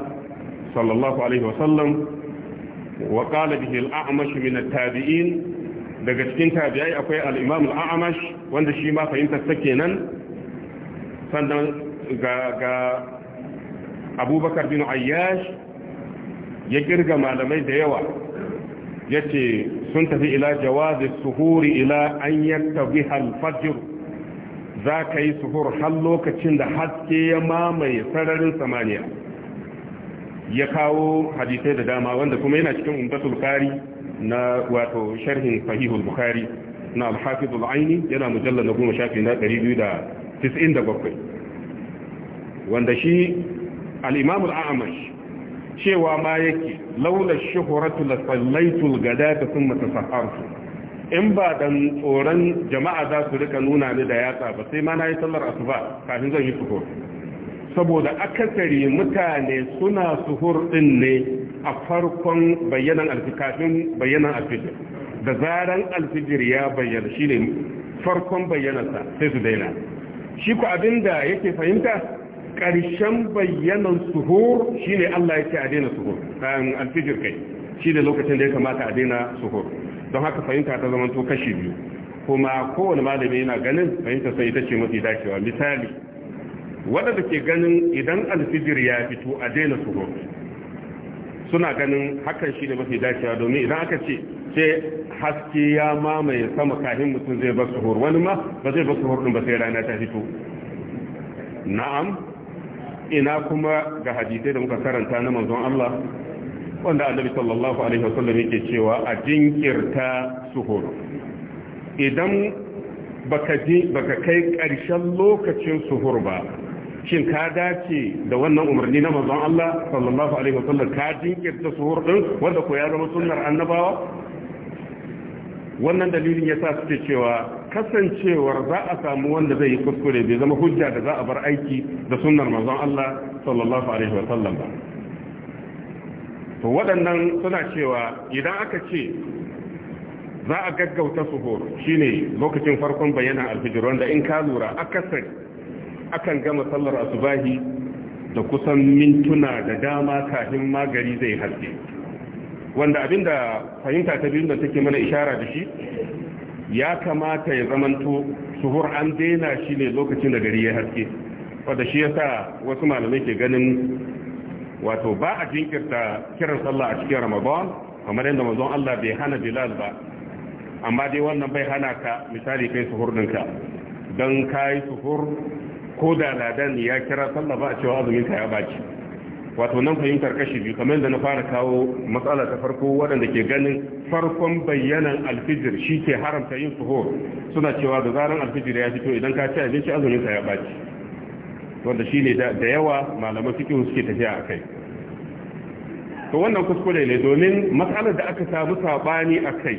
sallallahu alaihi wasallam wa qala bihi al-a'mash min at-tabi'in daga cikin tabi'ai akwai al-imam al-a'mash wanda shi ma fahimtar ta kenan sannan ga ga Abubakar bin Ayyash ya kirga malamai da yawa yace sun tafi ila jawazi suhuri ila an yattabiha al-fajr za ka yi suhur har lokacin da haske ya mamaye sararin samaniya ya kawo hadisai da dama wanda kuma yana cikin umdatul bukhari na wato sharhin sahihul bukhari na al-hafizul aini yana mujallar na goma shafi na 297 wanda shi al-imam al-a'mash cewa ma yake laula shuhratu la sallaitul gadata thumma tasahartu in ba dan tsoron jama'a za su rika nuna ni da yatsa ba sai ma na yi sallar asuba kafin zan yi suhur saboda akasari mutane suna suhur din ne a farkon bayyanan alfikafin bayyanan alfijir da zaran alfijir ya bayyana shi ne farkon bayyanarsa sai su daina shi ku da yake fahimta ƙarshen bayyanan suhur shine Allah yake a daina suhur alfijir kai shi ne lokacin da ya kamata a daina suhur don haka fahimta ta zama to kashi biyu kuma kowane malami yana ganin fahimta sai ita ce mafi dacewa misali waɗanda ke ganin idan alfijir ya fito a daina suro suna ganin hakan shi ne mafi dacewa domin idan aka ce sai haske ya mamaye sama kahin mutum zai bar suho wani ma ba zai bar suhur din ba sai rana ta fito na'am ina kuma ga hadisai da muka karanta na manzon Allah wanda annabi sallallahu alaihi wasallam yake cewa a jinkirta suhur idan baka ji baka kai karshen lokacin suhur ba shin ka dace da wannan umarni na manzon Allah sallallahu alaihi wasallam ka jinkirta suhur din wanda ko ya zama sunnar annabawa wannan dalilin yasa suke cewa kasancewar za a samu wanda zai yi kuskure bai zama hujja da za a bar aiki da sunnar manzon Allah sallallahu alaihi wasallam ba to waɗannan suna cewa idan aka ce za a gaggauta suhur shine lokacin farkon bayyana alfijir da in ka lura akan gama sallar asubahi da kusan mintuna da dama kafin magari zai haske wanda abinda fahimta ta biyu da take mana ishara da shi ya kamata ya zamanto suhur an daina shi ne lokacin da gari ya haske wadda shi ya sa wasu malamai ke ganin wato ba a jinkirta kiran sallah a cikin ramadan kamar yadda manzon Allah bai hana bilal ba amma dai wannan bai hana ka misali kai suhur ɗinka don ka yi suhur ko da ladan ya kira sallah ba a cewa azumin ka ya baci wato nan fahimtar kashi biyu kamar yadda na fara kawo matsala ta farko waɗanda ke ganin farkon bayyanan alfijir shi ke haramta yin suhur suna cewa da zaran alfijir ya fito idan ka ci abinci azumin ka ya baci wanda shi ne da yawa malaman fiqh suke tafiya a kai to wannan kuskure ne domin matsalar da aka samu sabani kai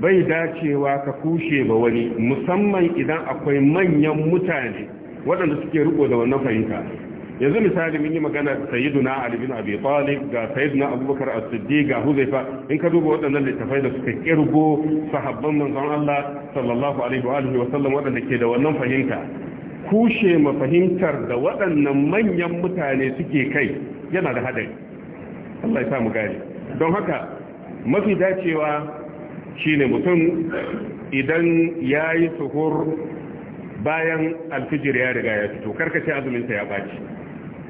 bai dacewa ka kushe ba wani musamman idan akwai manyan mutane waɗanda suke riko da wannan fahimta yanzu misali mun yi magana da sayyiduna ali bin abi talib ga sayyiduna abubakar as-siddiq ga huzaifa in ka duba waɗannan littafai da suka kirgo sahabban manzon Allah sallallahu alaihi wa alihi wa sallam waɗanda ke da wannan fahimta kushe mafahimtar da waɗannan manyan mutane suke kai yana da haɗari Allah ya sa mu don haka mafi dacewa shine mutum idan ya yi suhur bayan alfijir ya riga ya fito karkace azuminsa ya ɓaci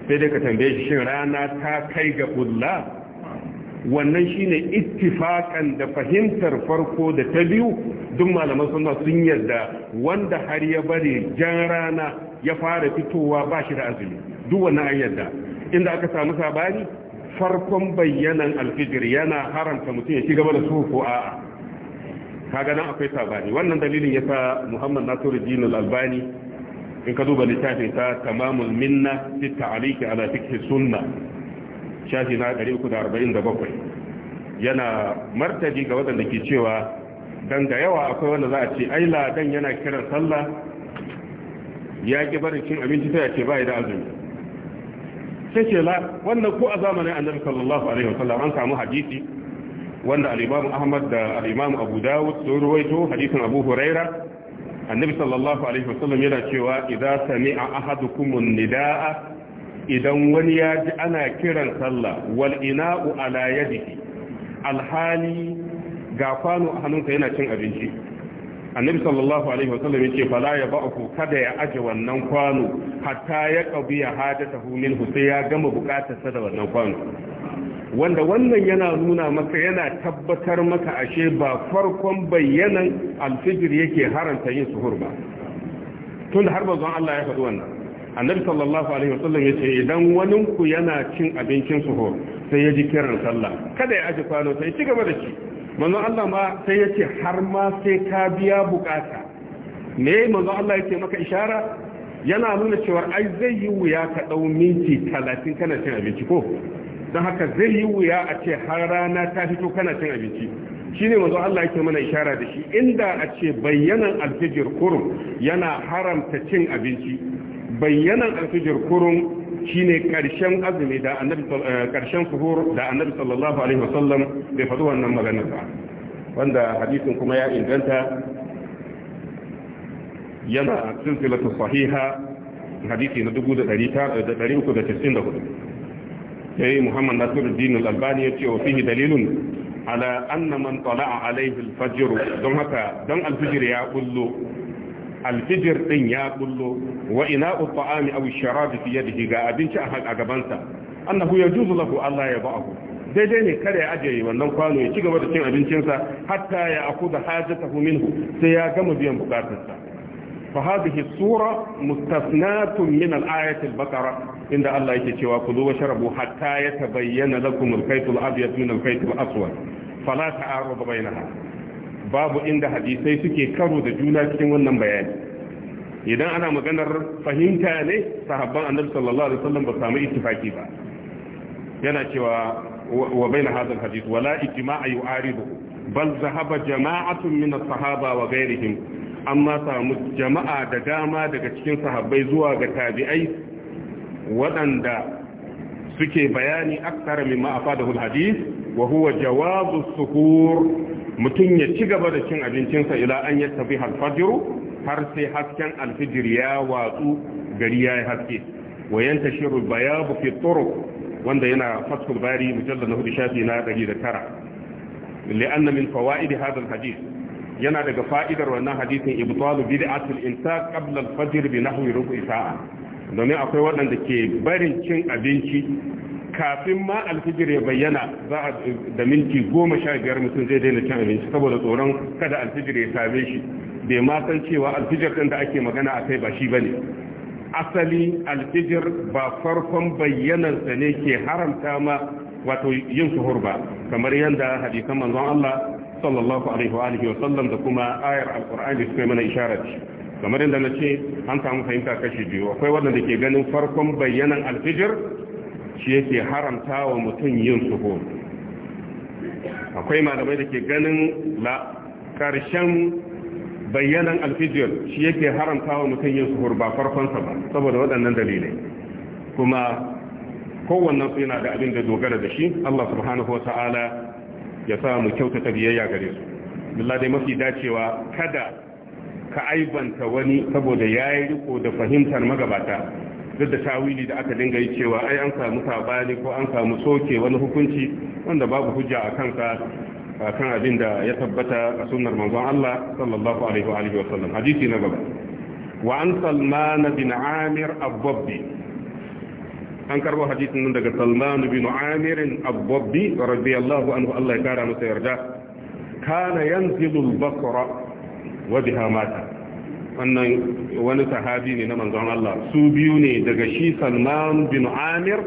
sai dai ka tambaye shi shin rana ta kai ga bulla wannan shine ittifakan da fahimtar farko da ta biyu duk malaman suna sun yarda wanda har ya bari jan rana ya fara fitowa ba shi da azumi duk wannan an yarda inda aka samu sabani farkon bayyanan alfijir yana haramta mutum ya ci gaba da su ko a'a kaga nan akwai sabani wannan dalilin yasa Muhammad Nasiruddin Al-Albani in ka duba littafin ta tamamul minna fi ta'liqi ala fikhi sunna shafi na 347 yana martani ga waɗanda ke cewa don da yawa akwai wanda za a ce ai ladan yana kiran sallah ya ki barin cin abinci sai a ce bai da azumi sai ce la wannan ko a zamanin annabi sallallahu alaihi wasallam an samu hadisi wanda al-imam Ahmad da al-imam Abu Dawud sun ruwaito hadisin Abu Huraira annabi sallallahu alaihi wasallam yana cewa idza sami'a ahadukum nidaa idan wani ya ji ana kiran sallah wal ina'u ala yadihi alhali ga kwano a hannunsa yana cin abinci annabi sallallahu alaihi wasallam yace fala ya ba'ku kada ya aje wannan kwano hatta ya ya qabiya hu min sai ya gama bukatar sa da wannan kwano wanda wannan yana nuna maka yana tabbatar maka ashe ba farkon bayanan alfijir yake haranta yin suhur ba tun har bazan Allah ya faɗi wannan annabi sallallahu alaihi wasallam ya ce idan wani ku yana cin abincin suho sai ya ji kiran sallah kada ya aji kwano sai ci gaba da ci manzo Allah ma sai ya har ma sai ka biya bukata me manzo Allah ya maka ishara yana nuna cewa ai zai yi wuya ka dau minti 30 kana cin abinci ko dan haka zai yi wuya a ce har rana ta fito kana cin abinci shine manzo Allah yake mana ishara da shi inda a ce bayyanan alfijir kurum yana haramta cin abinci bayyanan alfijir kurun shine karshen azumi da annabi eh, karshen suhur da annabi sallallahu alaihi wasallam bai faɗi wannan magana ba wanda hadisin kuma ya inganta yana silsilatu sahiha hadisi na 1394 sai Muhammad Nasiruddin Al-Albani ya ce wa fihi dalilun ala anna man tala'a alaihi al-fajr don haka don al-fajr ya kullu alfijir din ya bullo wa ina ta'ami aw sharabi fi yadihi ga abinci a gabansa annahu yajuzu lahu Allah ya ba'ahu daidai ne kare ya ajiye wannan kwano ya ci gaba da cin abincinsa hatta ya akuda hajatahu minhu sai ya gama biyan bukatarsa fa hadhihi sura mustasnatun min al-ayati al-baqara inda Allah yake cewa kulu wa sharabu hatta yatabayyana lakum al-khayt al-abyad min al-khayt al-aswad fala ta'arud bainaha babu inda hadisai suke karo da juna cikin wannan bayani idan ana maganar fahimta ne sahabban annabi sallallahu alaihi wasallam ba samu ittifaki ba yana cewa wa baina hadha alhadith wala ijma'a yu'aridu bal zahaba jama'atun min as-sahaba wa ghayrihim amma samu jama'a da dama daga cikin sahabbai zuwa ga tabi'ai waɗanda suke bayani aksara mimma afadahu alhadith wa huwa jawazu suhur mutum ya ci gaba da cin abincinsa ila an ya tafi alfajiru har sai hasken alfijir ya watsu gari ya yi haske wayan tashirul bayabu fi turuq wanda yana fathul bari mujallad na hudu shafi na 109 li'anna min fawaid hadha alhadith yana daga fa'idar wannan hadisin ibtalu bid'atul imsak qabla alfajr bi nahwi rubu'i sa'a domin akwai waɗanda ke barin cin abinci kafin ma alfijir ya bayyana za a da minti goma sha biyar mutum zai daina cin abinci saboda tsoron kada alfijir ya same shi bai ma san cewa alfijir ɗin da ake magana a kai ba shi ba ne asali alfijir ba farkon bayyanarsa ne ke haramta ma wato yin suhur ba kamar yadda hadisan manzon Allah sallallahu alaihi wa alihi wa sallam da kuma ayar alqur'ani suka mana isharar kamar yadda na ce an samu fahimta kashi biyu akwai wanda ke ganin farkon bayyanan alfijir shi yake haramta wa mutum yin suhu. akwai malamai da ke ganin la karshen bayanan alfijiyar shi yake haramta wa mutum yin suhur ba farkonsa ba saboda waɗannan dalilai kuma kowannen su yana da abin da dogara da shi Allah subhanahu wa ta'ala ya sa mu kyautata biyayya gare su billah dai mafi dacewa kada ka aibanta wani saboda yayi riko da fahimtar magabata duk da tawili da aka dinga yi cewa ai an samu sabani ko an samu soke wani hukunci wanda babu hujja a kansa kan abin da ya tabbata a sunar manzon Allah sallallahu alaihi wa alihi wa sallam hadisi na gaba wa an salman bin amir abbabbi an karbo hadisin nan daga salman bin amir abbabbi radiyallahu anhu Allah ya kara masa yarda kana yanzilu al-basra wa biha mata wannan wani sahabi ne na manzon Allah su biyu ne daga shi Salman bin Amir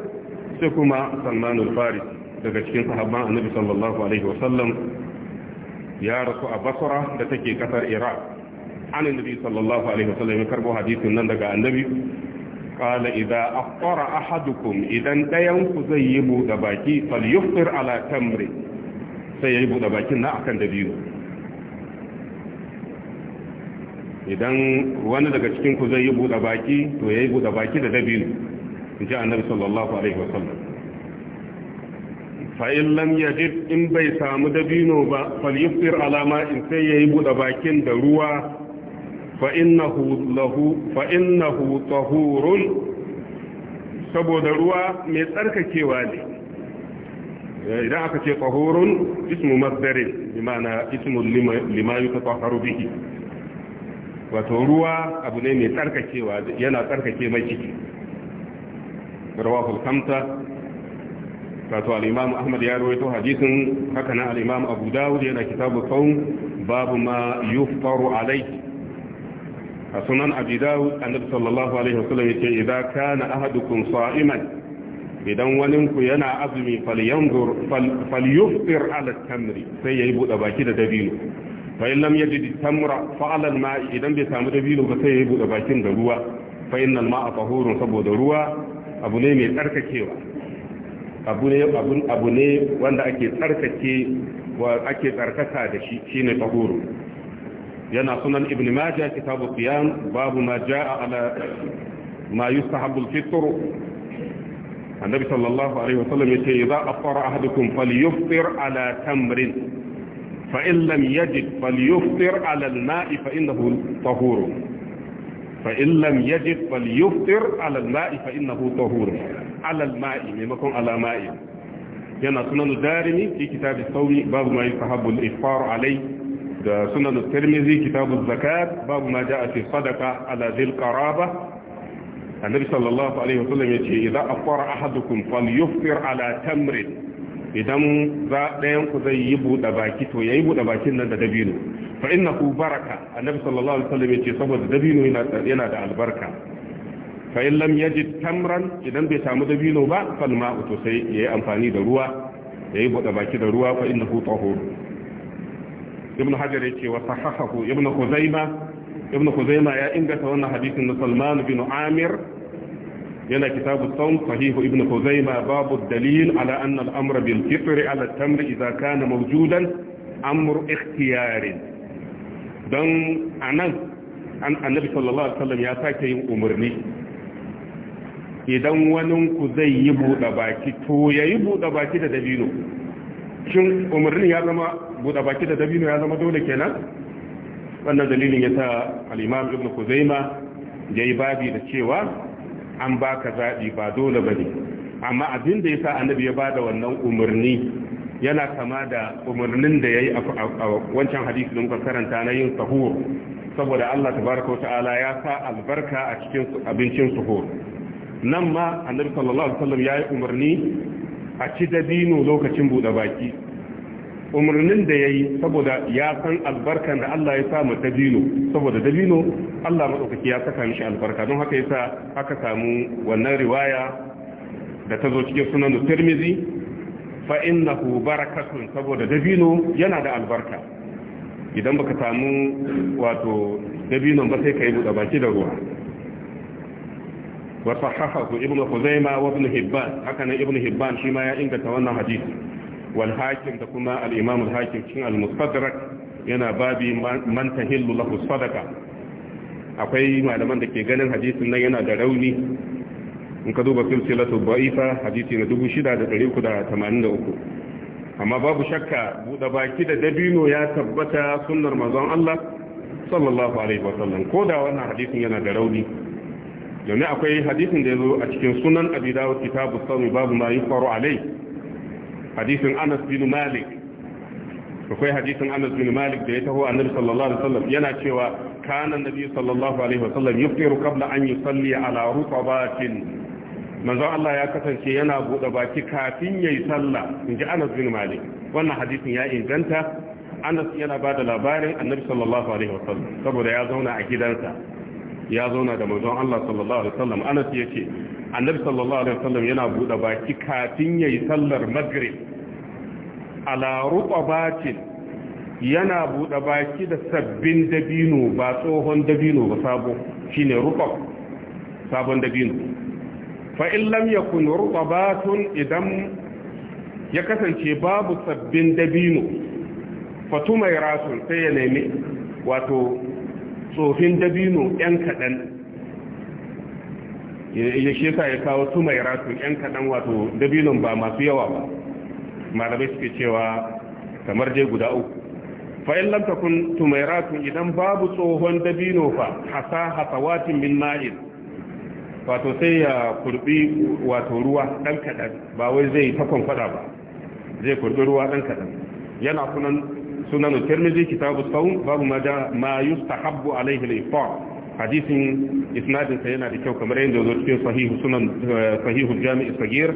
sai kuma Salman al-Faris daga cikin sahabban Annabi sallallahu alaihi wasallam ya rasu a Basra da take kasar Iraq an Annabi sallallahu alaihi wasallam ya karbo hadisin nan daga Annabi qala idza afṭara ahadukum idan dayan ku zai yi buɗe baki falyufṭir ala tamri sai ya yi buɗe bakin na akan da biyu idan wani daga cikin ku zai yi buɗe baki to yayi buɗa baki da dabin, dabino inji annabi sallallahu alaihi wasallam fa in lam yajid in bai samu dabino ba falyufir alama in sai yayi buɗa bakin da ruwa fa innahu lahu fa innahu tahurun saboda ruwa mai tsarkakewa ne idan aka ce tahurun ismu masdarin bi ma'ana ismu lima yutatahharu bihi wato ruwa abu ne mai tsarkakewa yana tsarkake mai ciki rawahul khamsa wato al ahmad ya rawaito hadisin haka na al abu dawud yana kitabu sawm babu ma yuftaru alayhi a sunan abu dawud annabi sallallahu alaihi wasallam yace idza kana ahadukum sa'iman idan wani yana azumi falyanzur falyuftir ala tamri sai yayi buɗe baki da dabino فإن لم يجد التمر فعلى الماء إذا بيتامر بسام دبيل فسيب أباكين دروا فإن الماء طهور صبو دروا أبو نيم يترك كيوا أبو نيم أبو نيم أبو نيم وأن أكيد ترك كي وأكيد ترك هذا شيء شين طهور ينا سنن ابن ماجة كتاب القيام باب ما جاء على ما يستحب الفطر النبي صلى الله عليه وسلم يقول إذا أفطر أحدكم فليفطر على تمر فإن لم يجد فليفطر على الماء فإنه طهور فإن لم يجد فليفطر على الماء فإنه طهور على الماء ممكن على ماء هنا سنن الدارمي في كتاب الصوم باب ما يستحب الإفطار عليه سنن الترمذي كتاب الزكاة باب ما جاء في الصدقة على ذي القرابة النبي صلى الله عليه وسلم يقول إذا أفطر أحدكم فليفطر على تمر idan za ɗayan ku zai yi buɗe baki to ya yi buɗe bakin nan da dabino fa ku baraka annabi sallallahu alaihi wasallam yace saboda dabino yana da albarka fa in lam yajid tamran idan bai samu dabino ba fal ma'u to sai ya yi amfani da ruwa ya yi buɗe baki da ruwa fa ku tahur ibn hajar yace wa sahahahu ibn khuzaima ibn khuzaima ya inganta wannan hadisin na Salman bin Amir yana kitabu saum sahihu ibn Khuzaimah babu dalil ala anna al-amra bil fitr ala tamr idza kana mawjudan amru ikhtiyari dan anan annabi sallallahu alaihi wasallam ya sake yin umarni idan wani ku zai yi buɗe baki to ya yi buɗe baki da dabino shin umarnin ya zama buɗe baki da dabino ya zama dole kenan wannan dalilin ya sa al'imam ibn kuzaima ya yi babi da cewa an baka zaɓi ba dole ba ne amma abin da ya sa annabi ya ba da wannan umarni yana kama da umarnin da ya yi a wancan hadisi don karanta na yin sahur saboda Allah tabaraka wa ta'ala ya sa albarka a cikin abincin sahur nan ma annabi sallallahu alaihi wasallam yayi umarni a ci dabino lokacin bude baki umarnin da ya yi saboda ya san albarkan da Allah ya samu dabino saboda dabino Allah maɗaukaki ya saka mishi albarka don haka yasa aka samu wannan riwaya da ta zo cikin sunan tirmizi fa innahu barakatun saboda dabino yana da albarka idan baka samu wato dabinon ba sai ka yi buɗe baki da ruwa wa sahahahu ibnu khuzaimah wa ibnu hibban haka nan ibnu hibban shi ma ya inganta wannan hadisi wal da kuma al-imam al-hakim cikin al yana babi man tahillu lahu sadaqa akwai malaman da ke ganin hadisin nan yana da rauni in ka duba silsilatu ba'ifa hadisi na 6383 amma babu shakka buɗe baki da dabino ya tabbata sunnar manzon Allah sallallahu ko da wannan hadisin yana da rauni domin akwai hadisin da zo a cikin sunan abi kitabu sawmi babu ma alai hadisin Anas bin Malik akwai hadisin Anas bin Malik da ya taho annabi sallallahu alaihi wasallam yana cewa kana annabi sallallahu alaihi wasallam yuftiru qabla an yusalli ala rutabatin manzo Allah ya kasance yana buɗe baki kafin yayi sallah inji Anas bin Malik wannan hadisin ya inganta Anas yana da labarin annabi sallallahu alaihi wasallam saboda ya zauna a gidansa ya zauna da manzon Allah sallallahu alaihi Anas yace annabi sallallahu alaihi wasallam yana bude baki kafin yayi sallar maghrib ala batin yana bude baki da sabbin dabino ba tsohon dabino ba sabo shine ruqab sabon dabino fa in lam yakun ruqabatun idan ya kasance babu sabbin dabino fatumairasun sai ya nemi wato tsofin dabino yan kadan ya shi yasa ya kawo su mai ratu yan kaɗan wato dabilun ba masu yawa ba malamai suke cewa kamar dai guda uku fa'in mai ratu idan babu tsohon dabino fa hasa watin min ma'il wato sai ya kurbi wato ruwa ɗan kaɗan ba wai zai takon faɗa ba zai kurbi ruwa ɗan kaɗan yana sunan sunan tirmidhi kitabu babu ma yustahabbu hadisin isnadinsa yana da kyau kamar yadda zo cikin sahihu sunan eh, sahihu jami'i sagir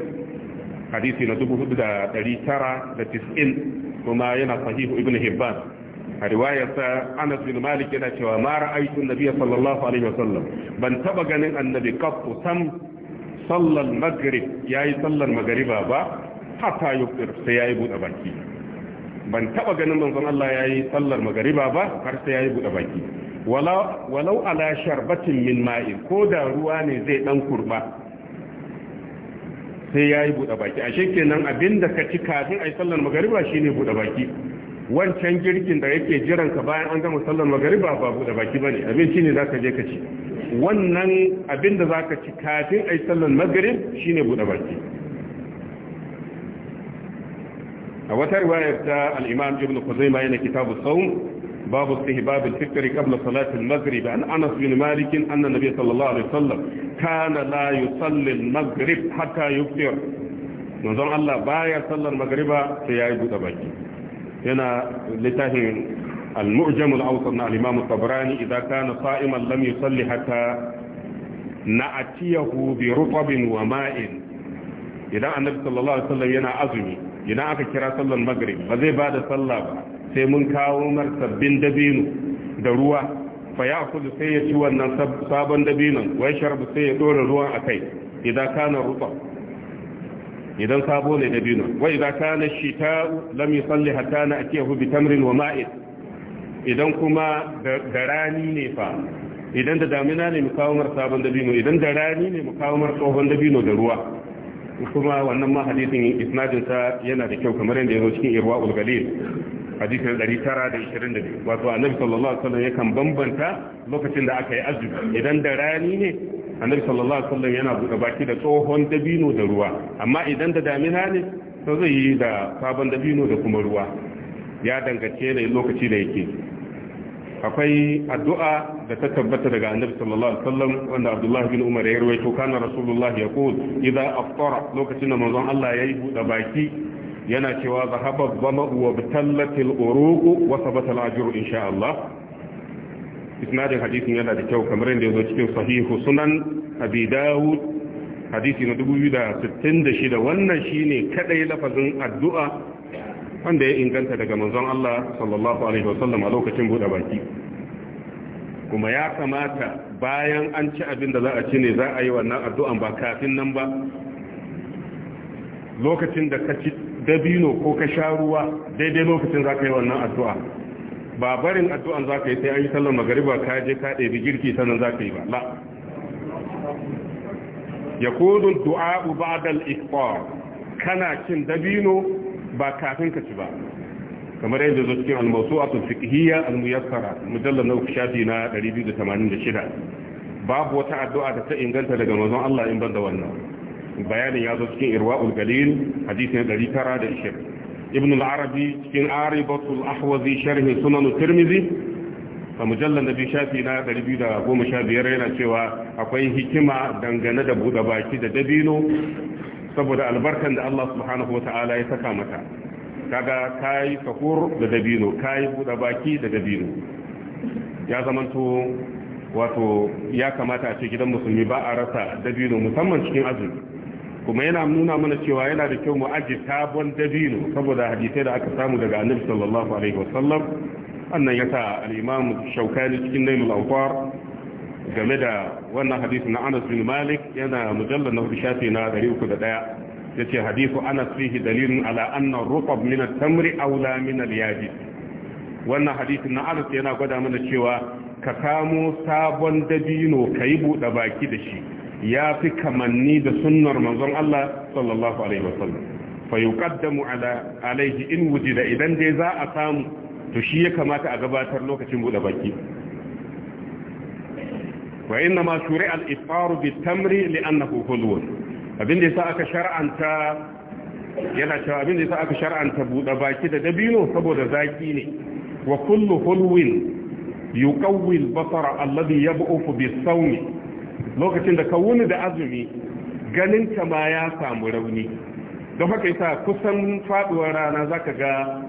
hadisi na 4990 kuma yana sahihu ibn hibban a riwayarsa anas bin malik yana cewa ma ra'aytu nabiyya sallallahu alaihi wa sallam. ban taba ganin annabi qattu sam sallal maghrib yayi sallar magriba ba hatta yufir sai yayi bude baki ban taba ganin manzon Allah yayi sallar magriba ba har sai yayi bude baki walau ala sharbatin min ma'in ko da ruwa ne zai ɗan kurba sai ya yi buɗe baki ashe kenan abinda ka ci kafin a yi sallar magariba shine buɗe baki wancan girkin da yake jiran ka bayan an gama sallar magariba ba buɗe baki bane abinci ne zaka je ka ci wannan abinda zaka ci kafin a yi sallar magarib shine buɗe baki a wata riwayar ta al-Imam Ibn Khuzaimah yana kitabu Sawm باب استهباب الفكر قبل صلاة المغرب عن أنس بن مالك أن النبي صلى الله عليه وسلم كان لا يصلي المغرب حتى يفطر نظر الله بايا صلى المغرب سيعيد تبكي هنا لتهم المعجم الأوسط مع الإمام الطبراني إذا كان صائما لم يصلي حتى نأتيه برطب وماء إذا النبي صلى الله عليه وسلم ينا أزمي إذا أكا كرا صلى المغرب فذي بعد صلى الله sai mun kawo mar sabbin dabino da ruwa fa ya kudu sai ya ci wannan sabon dabinon wai sharbu sai ya dora ruwan a kai idan ka na rufa idan sabo ne dabinon wai idan kana shita lam yusalli hatta na akiyahu bi tamrin wa ma'id idan kuma da rani ne fa idan da damina ne mu kawo mar sabon dabino idan da rani ne mu kawo mar tsohon dabino da ruwa kuma wannan ma hadisin isnadin sa yana da kyau kamar yadda ya zo cikin irwa ulgalil hadisin 922 wato annabi sallallahu alaihi wasallam yakan bambanta lokacin da aka yi azumi idan da rani ne annabi sallallahu alaihi wasallam yana buɗe baki da tsohon dabino da ruwa amma idan da damina ne to zai yi da sabon dabino da kuma ruwa ya dangace ne lokaci da yake akwai addu'a da ta tabbata daga annabi sallallahu alaihi wasallam wanda Abdullah bin Umar ya rawaito kana Rasulullah ya qul idza aftara lokacin da manzon Allah ya yi buɗe baki yana cewa zahaba zama uwa bitallatil uruqu wa sabata al-ajru insha Allah isnadin hadisin yana da kyau kamar yadda yazo cikin sahihu sunan abi daud hadisi na shida wannan shine kadai lafazin addu'a wanda ya inganta daga manzon Allah sallallahu alaihi wasallam a lokacin buɗe baki kuma ya kamata bayan an ci abin da za a ci ne za a yi wannan addu'an ba kafin nan ba lokacin da ka ci dabino ko ka sha ruwa daidai lokacin za ka yi wannan addu'a ba barin addu'an za ka yi sai an yi sallar magariba ka je ka ɗebi girki sannan za ka yi ba la ya kodin du'a'u ba dal ikpar kana cin dabino ba kafin ka ci ba kamar yadda zo cikin almasu a tulfikiyya almuyassara mujallar na uku shafi na 286 babu wata addu'a da ta inganta daga mazan Allah in ban da wannan bayanin ya zo cikin irwa'ul galil hadisin 920 ibn al-arabi cikin aribatul ahwazi sharhi sunan tirmizi a mujallar da biyu shafi na 215 yana cewa akwai hikima dangane da buɗe baki da dabino saboda albarkan da Allah subhanahu wa ta'ala ya saka mata kaga kayi sahur da dabino kayi buɗe baki da dabino ya zamanto wato ya kamata a ce gidan musulmi ba a rasa dabino musamman cikin azumi kuma yana nuna mana cewa yana da kyau mu aji sabon dabino saboda hadisai da aka samu daga annabi sallallahu alaihi wasallam annan ya sa al-imam shaukani cikin nailul awqar game da wannan hadisi na Anas bin Malik yana mujallal na shafi na 301 yace hadisu Anas fihi dalilun ala anna rutab min at-tamri aula min al-yabis wannan hadisin na Anas yana gwada mana cewa ka kamo sabon dabino kai buɗe baki da shi ya fi kamanni da sunnar manzon Allah sallallahu alaihi wasallam fa yuqaddamu ala alaihi in wujida idan dai za a samu to shi ya kamata a gabatar lokacin bude baki wa inna ma shuri'a al-iftaru bi tamri li'annahu hulwun abin da aka shar'anta yana cewa abin da aka shar'anta bude baki da dabino saboda zaki ne wa kullu hulwin yuqawwi al-basara alladhi yab'u bi-sawmi lokacin da ka wuni da azumi ganin ta ma ya samu rauni don haka isa kusan faduwar rana za ka ga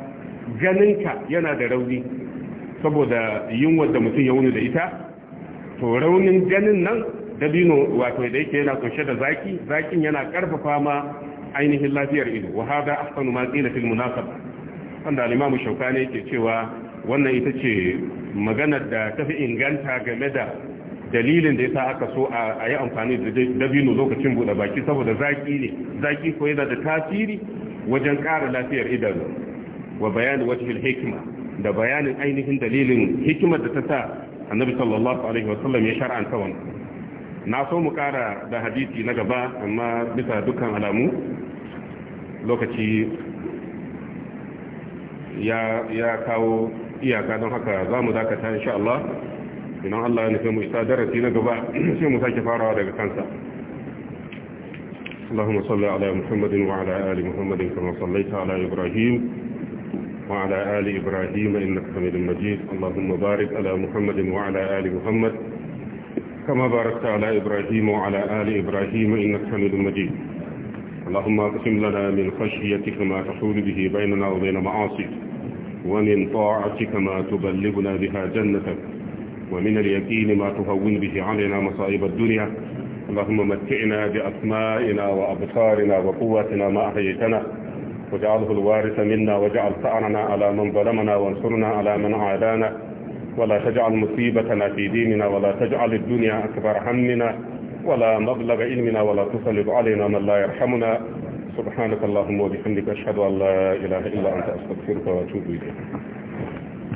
ganin ka yana da rauni saboda yunwar da mutum ya wuni da ita to raunin ganin nan dabino wato da yake yana kunshe da zaki zakin yana karfafa ma ainihin lafiyar ido wa hada ahsanu ma qila fil munasaba wanda al-imamu shaukani yake cewa wannan ita ce maganar da tafi inganta game da dalilin da ya sa aka so a yi amfani da dabino lokacin buɗe baki saboda zaki ne zaki ko yana da tasiri wajen ƙara lafiyar idanu wa bayanin wajhil hikima da bayanin ainihin dalilin hikimar da ta sa annabi sallallahu alaihi wasallam ya shar'anta wannan na so mu ƙara da hadisi na gaba amma bisa dukkan alamu lokaci ya kawo iyaka don haka za mu dakata insha Allah idan Allah ya nufi mu isa darasi na gaba sai mu sake اللهم صل على محمد وعلى آل محمد كما صليت على إبراهيم وعلى آل إبراهيم إنك حميد مجيد اللهم بارك على محمد وعلى آل محمد كما باركت على إبراهيم وعلى آل إبراهيم إنك حميد مجيد اللهم اقسم لنا من خشيتك ما تحول به بيننا وبين معاصيك ومن طاعتك ما تبلغنا بها جنتك ومن اليقين ما تهون به علينا مصائب الدنيا اللهم متعنا بأسمائنا وأبصارنا وقواتنا ما أحييتنا وجعله الوارث منا وجعل ثأرنا على من ظلمنا وانصرنا على من عادانا ولا تجعل مصيبتنا في ديننا ولا تجعل الدنيا أكبر همنا ولا مبلغ علمنا ولا تسلط علينا من لا يرحمنا سبحانك اللهم وبحمدك أشهد أن لا إله إلا أنت أستغفرك وأتوب إليك